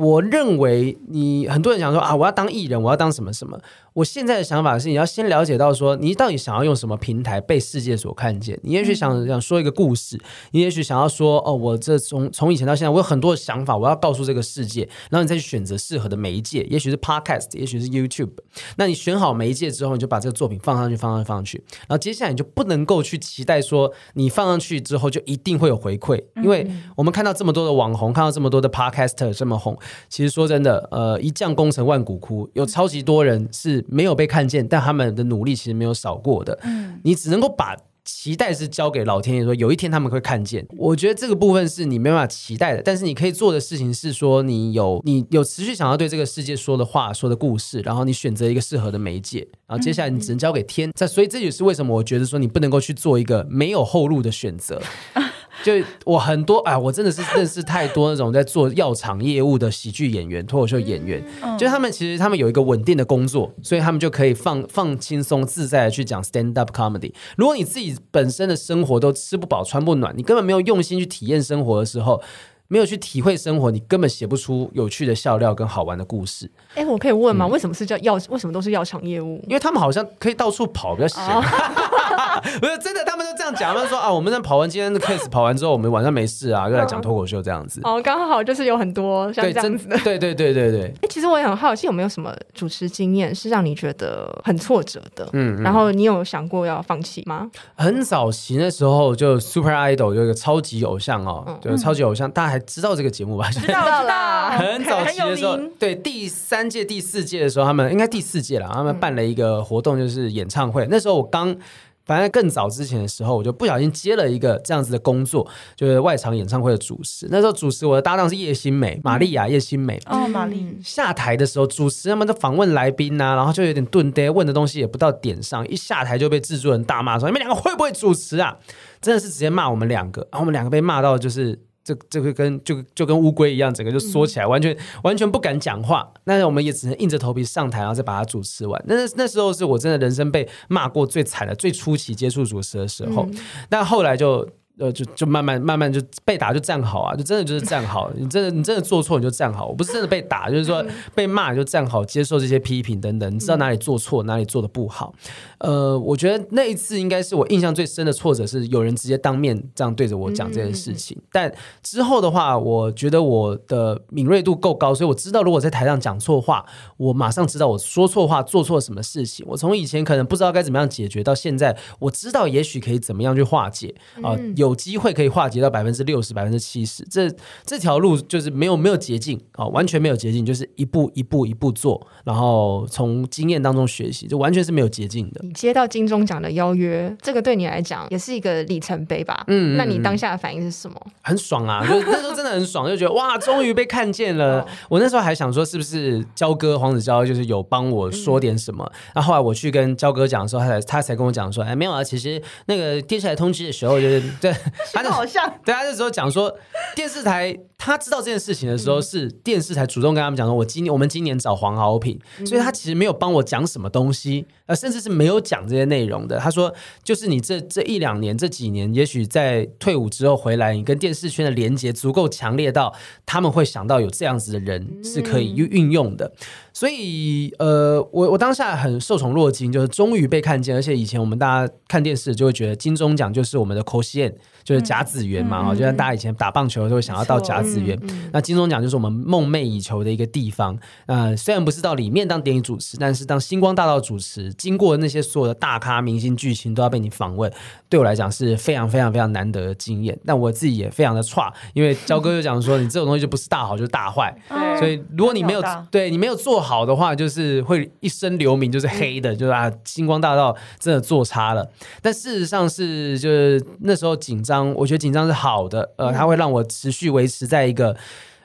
我認為你，你很多人想說啊，我要當藝人，我要當什麼什麼。我現在的想法是，你要先了解到說，你到底想要用什麼平台被世界所看見。你也許想想說一個故事，你也許想要說哦，我這從從以前到現在，我有很多的想法，我要告訴這個世界。然後你再去選擇適合的媒介，也許是 Podcast，也許是 YouTube。那你選好媒介之後，你就把這個作品放上去，放上去，放上去。然後接下來你就不能夠去期待說，你放上去之後就一定會有回饋，因為我們看到這麼多的網紅，看到這麼多的 Podcaster 這麼紅。其實說真的，呃，一將功成萬骨枯，有超級多人是。沒有被看見，但他們的努力其實沒有少過的。嗯，你只能夠把期待是交給老天爺，說有一天他們會看見。我覺得這個部分是你沒辦法期待的，但是你可以做的事情是說，你有你有持續想要對這個世界說的話、說的故事，然後你選擇一個適合的媒介，然後接下來你只能交給天。嗯嗯。所以這也是為什麼我覺得說你不能夠去做一個沒有後路的選擇。 就我很多啊，我真的是認識太多那種在做藥廠業務的喜劇演員、脫口秀演員，就他們其實他們有一個穩定的工作，所以他們就可以放放輕鬆、自在的去講 stand up comedy。如果你自己本身的生活都吃不飽、穿不暖，你根本沒有用心去體驗生活的時候。沒有去體會生活，你根本寫不出有趣的笑料跟好玩的故事。哎，我可以問嗎？嗯、為什麼是叫藥？為什麼都是藥廠業務？因為他們好像可以到處跑比較閒。不是真的，他們都這樣講。他們 說啊，我們在跑完今天的 case，跑完之後我們晚上沒事啊，又來講脫口秀這樣子。哦，oh. oh, 剛好就是有很多像這樣子的。對，真的，對對對對。哎，其實我也很好奇，有沒有什麼主持經驗是讓你覺得很挫折的？嗯。嗯然後你有想過要放棄嗎？很早期的時候，就 Super Idol 有一個超級偶像哦，嗯、就超級偶像，嗯、但還。知道這個節目吧？知道了 很早期的時候，對，第三屆、第四屆的時候，他們應該第四屆了，他們辦了一個活動，就是演唱會。那時候我剛，反正更早之前的時候，我就不小心接了一個這樣子的工作，就是外場演唱會的主持。那時候主持我的搭檔是葉新美、瑪麗亞，葉新美哦，瑪麗下台的時候，主持他們都訪問來賓呢，然後就有點鈍呆，問的東西也不到點上，一下台就被製作人大罵，說你們兩個會不會主持啊？真的是直接罵我們兩個，然後我們兩個被罵到就是。這這會跟就就跟烏龜一樣，整個就縮起來，完全、嗯、完全不敢講話。那我們也只能硬着頭皮上台，然後再把它主持完。那那時候是我真的人生被罵過最慘的，最初期接觸主持的時候。那、嗯、後來就。呃，就就慢慢慢慢就被打就站好啊，就真的就是站好。你真的你真的做錯你就站好，我不是真的被打，就是說被罵你就站好，接受這些批評等等。你知道哪裡做錯，哪裡做得不好。呃，我覺得那一次應該是我印象最深的挫折，是有人直接當面這樣對着我講這件事情。嗯、但之後的話，我覺得我的敏銳度夠高，所以我知道如果在台上講錯話，我馬上知道我說錯話做錯什麼事情。我從以前可能不知道該怎麼樣解決，到現在我知道也許可以怎麼樣去化解啊。有、呃。嗯有機會可以化解到百分之六十、百分之七十，這這條路就是沒有沒有捷徑啊，哦，完全沒有捷徑，就是一步一步一步做，然後從經驗當中學習，就完全是沒有捷徑的。你接到金鐘獎的邀約，這個對你來講也是一個里程碑吧？嗯，那你當下的反應是什麼？很爽啊！就那時候真的很爽， 就覺得哇，終於被看見了。哦，我那時候還想說，是不是佼哥黃子佼，就是有幫我說點什麼？嗯，然後，後來我去跟佼哥講的時候，他才他才跟我講說，哎，沒有啊，其實那個電視台通知的時候，就是。 他好像，對，他那時候講說，電視台他知道這件事情的時候，是電視台主動跟他們講說，我今年我們今年找黃豪平，所以他其實沒有幫我講什麼東西，甚至是沒有講這些內容的。他說，就是你這這一兩年這幾年，也許在退伍之後回來，你跟電視圈的連接足夠強烈到，他們會想到有這樣子的人是可以運用的。所以，呃，我我當下很受寵若驚，就是終於被看見，而且以前我們大家看電視就會覺得金鐘獎就是我們的 cosian。就是甲子園嘛，哦、嗯，就像大家以前打棒球的時候會想要到甲子園。嗯、那金鐘獎就是我們夢寐以求的一個地方。呃，雖然不是到裡面當典禮主持，但是當星光大道主持，經過那些所有的大咖明星劇情都要被你訪問，對我來講是非常非常非常難得的經驗。但我自己也非常的差，因為焦哥就講說，你這種東西就不是大好就是大壞。 所以如果你沒有、嗯、對你沒有做好的話，就是會一生留名就是黑的，就是啊，星光大道真的做差了。但事實上是，就是那時候緊。當我覺得緊張是好的，呃，它會讓我持續維持在一個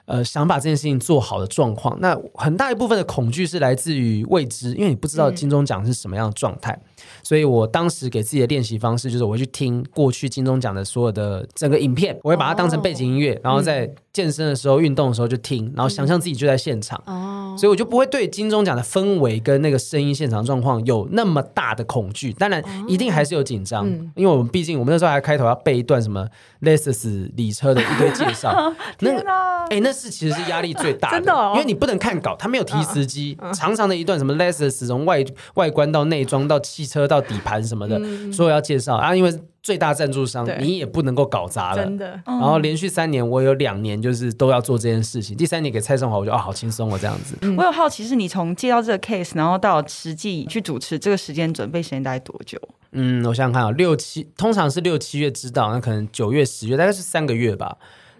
呃想把這件事情做好的狀況。那很大一部分的恐懼是來自於未知，因為你不知道金鐘獎是什麼樣的狀態。嗯所以我當時給自己的練習方式就是，我會去聽過去金鐘獎的所有的整個影片，我會把它當成背景音樂，哦、然後在健身的時候、嗯、運動的時候就聽，然後想象自己就在現場。嗯、哦，所以我就不會對金鐘獎的氛圍跟那個聲音現場狀況有那麼大的恐懼。當然，一定還是有緊張，哦、因為我們畢竟我們那時候還開頭要背一段什麼 Lexus 李車的一堆介紹。那哎，那是其實是壓力最大的，啊、真的哦、因為你不能看稿，他沒有提詞機，啊、長長的一段什麼 Lexus 從外外觀到內裝到氣、啊。氣車到底盤什麼的，所以、嗯、我要介紹啊。因為最大贊助商，對你也不能夠搞砸了。真的。然後連續三年，我有兩年就是都要做這件事情。第三年給蔡尚樺，我覺得啊、哦，好輕鬆哦，我這樣子。我有好奇，是你從接到這個 case，然後到實際去主持，這個時間準備時間大概多久？嗯，我想想看啊，六七，通常是六七月知道，那可能九月十月，大概是三個月吧。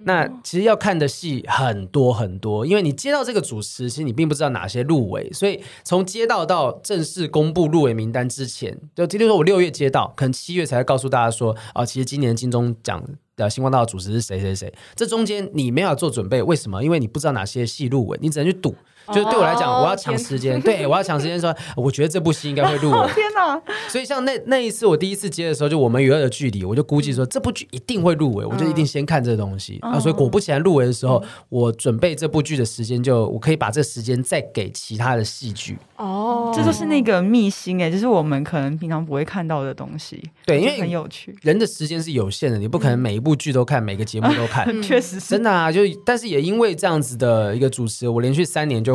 那其實要看的戲很多很多，因為你接到這個主持，其實你並不知道哪些入圍，所以從接到到正式公布入圍名單之前，就比如說我六月接到，可能七月才告訴大家說啊、哦，其實今年金鐘獎的星光大道主持是誰誰誰誰。這中間你沒有做準備，為什麼？因為你不知道哪些戲入圍，你只能去賭。就是對我來講，我要搶時間，對，我要搶時間。說，我覺得這部戲應該會入圍。天吶。所以像那那一次我第一次接的時候，就《我們與惡的距離》，我就估計說這部劇一定會入圍，我就一定先看這東西。啊，所以果不其然入圍的時候，我準備這部劇的時間，就我可以把這時間再給其他的戲劇。哦，這就是那個秘辛哎，就是我們可能平常不會看到的東西。對，因為很有趣。人的時間是有限的，你不可能每一部劇都看，每個節目都看。確實是真的啊，就但是也因為這樣子的一個主持，我連續三年就。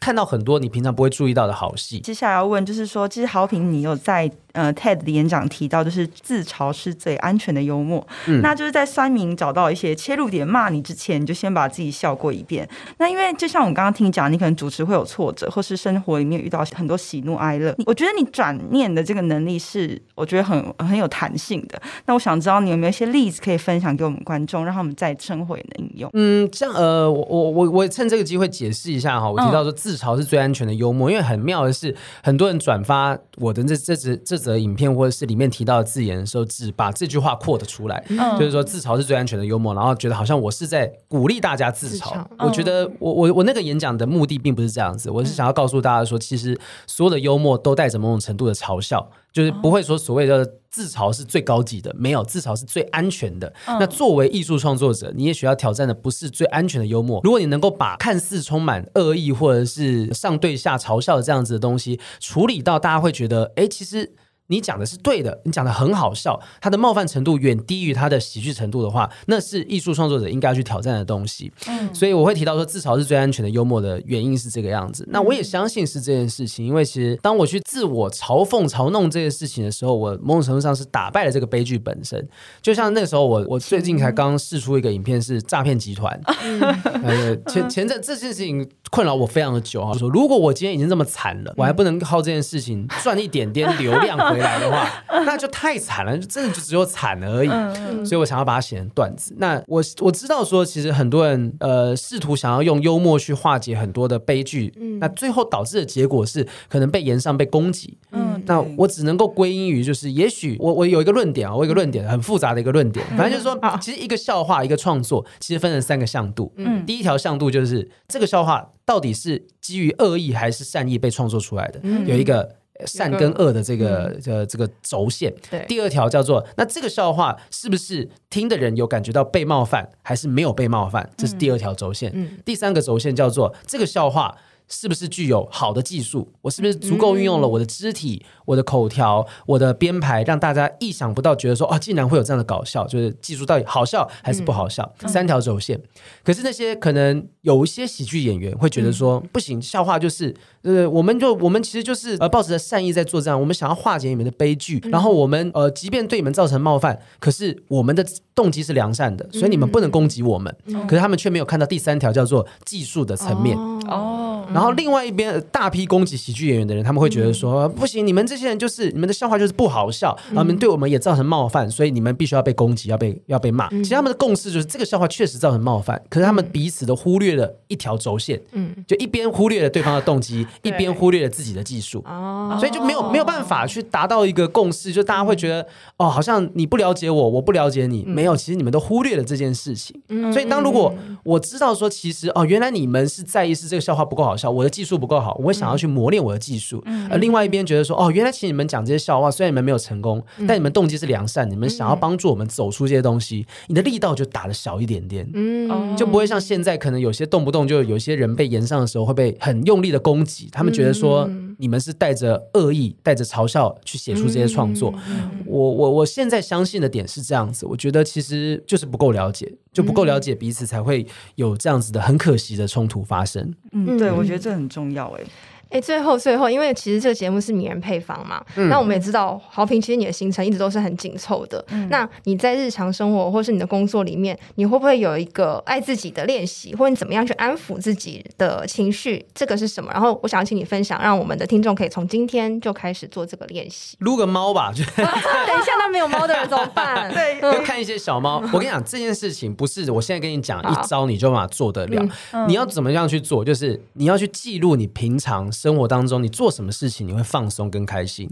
看到很多你平常不會注意到的好戲。接下來要問就是說，其實豪平，你有在呃 TED 的演講提到，就是自嘲是最安全的幽默。嗯，那就是在酸民找到一些切入點罵你之前，你就先把自己笑過一遍。那因為就像我剛剛聽你講，你可能主持會有挫折，或是生活裡面遇到很多喜怒哀樂。我覺得你轉念的這個能力是，我覺得很很有彈性的。那我想知道你有沒有一些例子可以分享給我們觀眾，讓他們在生活也能應用。嗯，像呃，我我我我也趁這個機會解釋一下哈，我提到說自、嗯。自嘲是最安全的幽默，因為很妙的是，很多人轉發我的這這則這則影片，或者是裡面提到的字眼的時候，只把這句話擴的出來，嗯、就是說自嘲是最安全的幽默，然後覺得好像我是在鼓勵大家自嘲。自嘲嗯、我覺得我我我那個演講的目的並不是這樣子，我是想要告訴大家說，嗯、其實所有的幽默都帶着某種程度的嘲笑。就是不會說所謂的自嘲是最高級的，沒有，自嘲是最安全的。嗯、那作為藝術創作者，你也許要挑戰的不是最安全的幽默。如果你能夠把看似充滿惡意或者是上對下嘲笑的這樣子的東西處理到大家會覺得，哎、欸，其實。你講的是對的，你講的很好笑，它的冒犯程度遠低於它的喜劇程度的話，那是藝術創作者應該要去挑戰的東西。嗯、所以我會提到說，自嘲是最安全的幽默的原因是這個樣子。嗯、那我也相信是這件事情，因為其實當我去自我嘲諷、嘲弄這件事情的時候，我某種程度上是打敗了這個悲劇本身。就像那時候我，我最近才剛試出一個影片是詐騙集團、嗯，前前陣這件事情困擾我非常的久啊。我說，如果我今天已經這麼慘了，我還不能靠這件事情賺一點點流量回來。來的話，那就太慘了，就真的就只有慘而已。所以我想要把它寫成段子。那我我知道說，其實很多人呃試圖想要用幽默去化解很多的悲劇，嗯，那最後導致的結果是可能被炎上被攻擊，嗯。那我只能夠歸因於就是，也許我我有一個論點啊，我有一個論點很複雜的一個論點，反正就是說，其實一個笑話一個創作其實分成三個向度，嗯，第一條向度就是這個笑話到底是基於惡意還是善意被創作出來的，嗯、uh, mm，有一個。authorization 善跟惡的這個呃、嗯這個、這個軸線，對第二條叫做那這個笑話是不是聽的人有感覺到被冒犯，還是沒有被冒犯？這是第二條軸線。嗯嗯、第三個軸線叫做這個笑話是不是具有好的技術？我是不是足夠運用了我的肢體？嗯嗯我的口條，我的編排，讓大家意想不到，覺得說啊，竟然會有這樣的搞笑，就是技術到底好笑還是不好笑，嗯、三條軸線。嗯、可是那些可能有一些喜劇演員會覺得說，嗯、不行，笑話就是呃，我們就我們其實就是呃，抱着善意在做這樣，我們想要化解你們的悲劇，嗯、然後我們呃，即便對你們造成冒犯，可是我們的動機是良善的，所以你們不能攻擊我們。嗯、可是他們卻沒有看到第三條叫做技術的層面哦。然後另外一邊大批攻擊喜劇演員的人，他們會覺得說，嗯、不行，你們這。這些人就是你們的笑話，就是不好笑，嗯、他們對我們也造成冒犯，所以你們必須要被攻擊，要被要被罵。其實他們的共識就是這個笑話確實造成冒犯，可是他們彼此都忽略了，一條軸線，嗯，就一邊忽略了對方的動機，對一邊忽略了自己的技術，哦，所以就沒有沒有辦法去達到一個共識，就大家會覺得、嗯、哦，好像你不了解我，我不了解你，嗯、沒有，其實你們都忽略了這件事情。嗯，所以當如果我知道說，其實哦，原來你們是在意是這個笑話不夠好笑，我的技術不夠好，我會想要去磨練我的技術，嗯、而另外一邊覺得說哦，原來。但請你們講這些笑話，雖然你們沒有成功，嗯、但你們動機是良善，嗯、你們想要幫助我們走出這些東西，嗯、你的力道就打的小一點點，嗯、就不會像現在可能有些動不動就有些人被炎上的時候會被很用力的攻擊，嗯、他們覺得說你們是帶着惡意、帶着、嗯、嘲笑去寫出這些創作。嗯、我我我現在相信的點是這樣子，我覺得其實就是不夠了解，就不夠了解彼此，才會有這樣子的很可惜的衝突發生。嗯，對，嗯、我覺得這很重要、欸，哎、欸，最後最後，因為其實這個節目是迷人配方嘛，嗯、那我們也知道，豪平其實你的行程一直都是很緊湊的。嗯、那你在日常生活或是你的工作裡面，你會不會有一個愛自己的練習，或者怎麼樣去安撫自己的情緒？這個是什麼？然後，我想請你分享，讓我們的聽眾可以從今天就開始做這個練習。擼個貓吧，就等一下，那沒有貓的人怎麼辦？ 對，嗯、看一些小貓。我跟你講，這件事情不是我現在跟你講好一招你就馬上做得了，嗯嗯、你要怎麼樣去做？就是你要去記錄你平常。生活當中，你做什麼事情你會放鬆跟開心？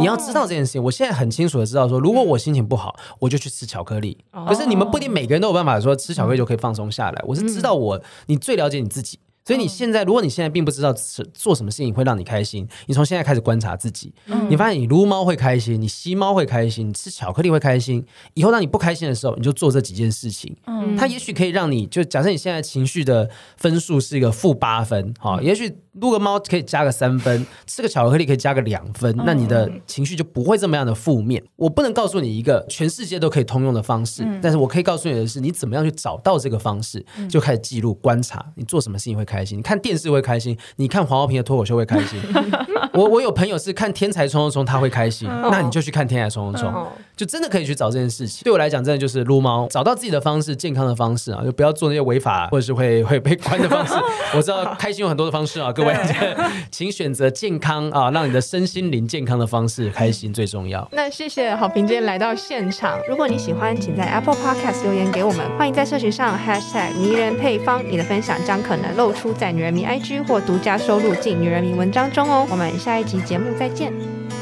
你要知道這件事情。我現在很清楚的知道，說如果我心情不好，我就去吃巧克力。可是你們不一定每個人都有辦法說吃巧克力就可以放鬆下來。我是知道我，你最了解你自己，所以你現在，如果你現在並不知道做做什麼事情會讓你開心，你從現在開始觀察自己，你發現你擼貓會開心，你吸貓會開心，你吃巧克力會開心。以後當你不開心的時候，你就做這幾件事情，它也許可以讓你，就假設你現在情緒的分數是一個負八分，也許。擼個貓可以加個三分，吃個巧克力可以加個兩分，那你的情緒就不會這麼樣的負面。嗯、我不能告訴你一個全世界都可以通用的方式，嗯、但是我可以告訴你的是，你怎麼樣去找到這個方式，嗯、就開始記錄觀察，你做什麼事情會開心，嗯、你看電視會開心，你看黃豪平的脫口秀會開心。 我我有朋友是看天才衝衝衝《 看天才衝衝衝》，他會開心，那你就去看《天才衝衝衝》，就真的可以去找這件事情。對我來講，真的就是擼貓，找到自己的方式，健康的方式啊，就不要做那些違法、啊、或者是會會被關的方式。 我知道開心有很多的方式啊，哥。 請選擇健康啊，讓你的身心靈健康的方式，開心最重要。 那謝謝豪平今天來到現場。如果你喜歡，請在 Apple Podcast 留言給我們。歡迎在社群上 #hashtag 迷人配方，你的分享將可能露出在女人迷 IG 或獨家收錄進女人迷文章中哦。我們下一集節目再見。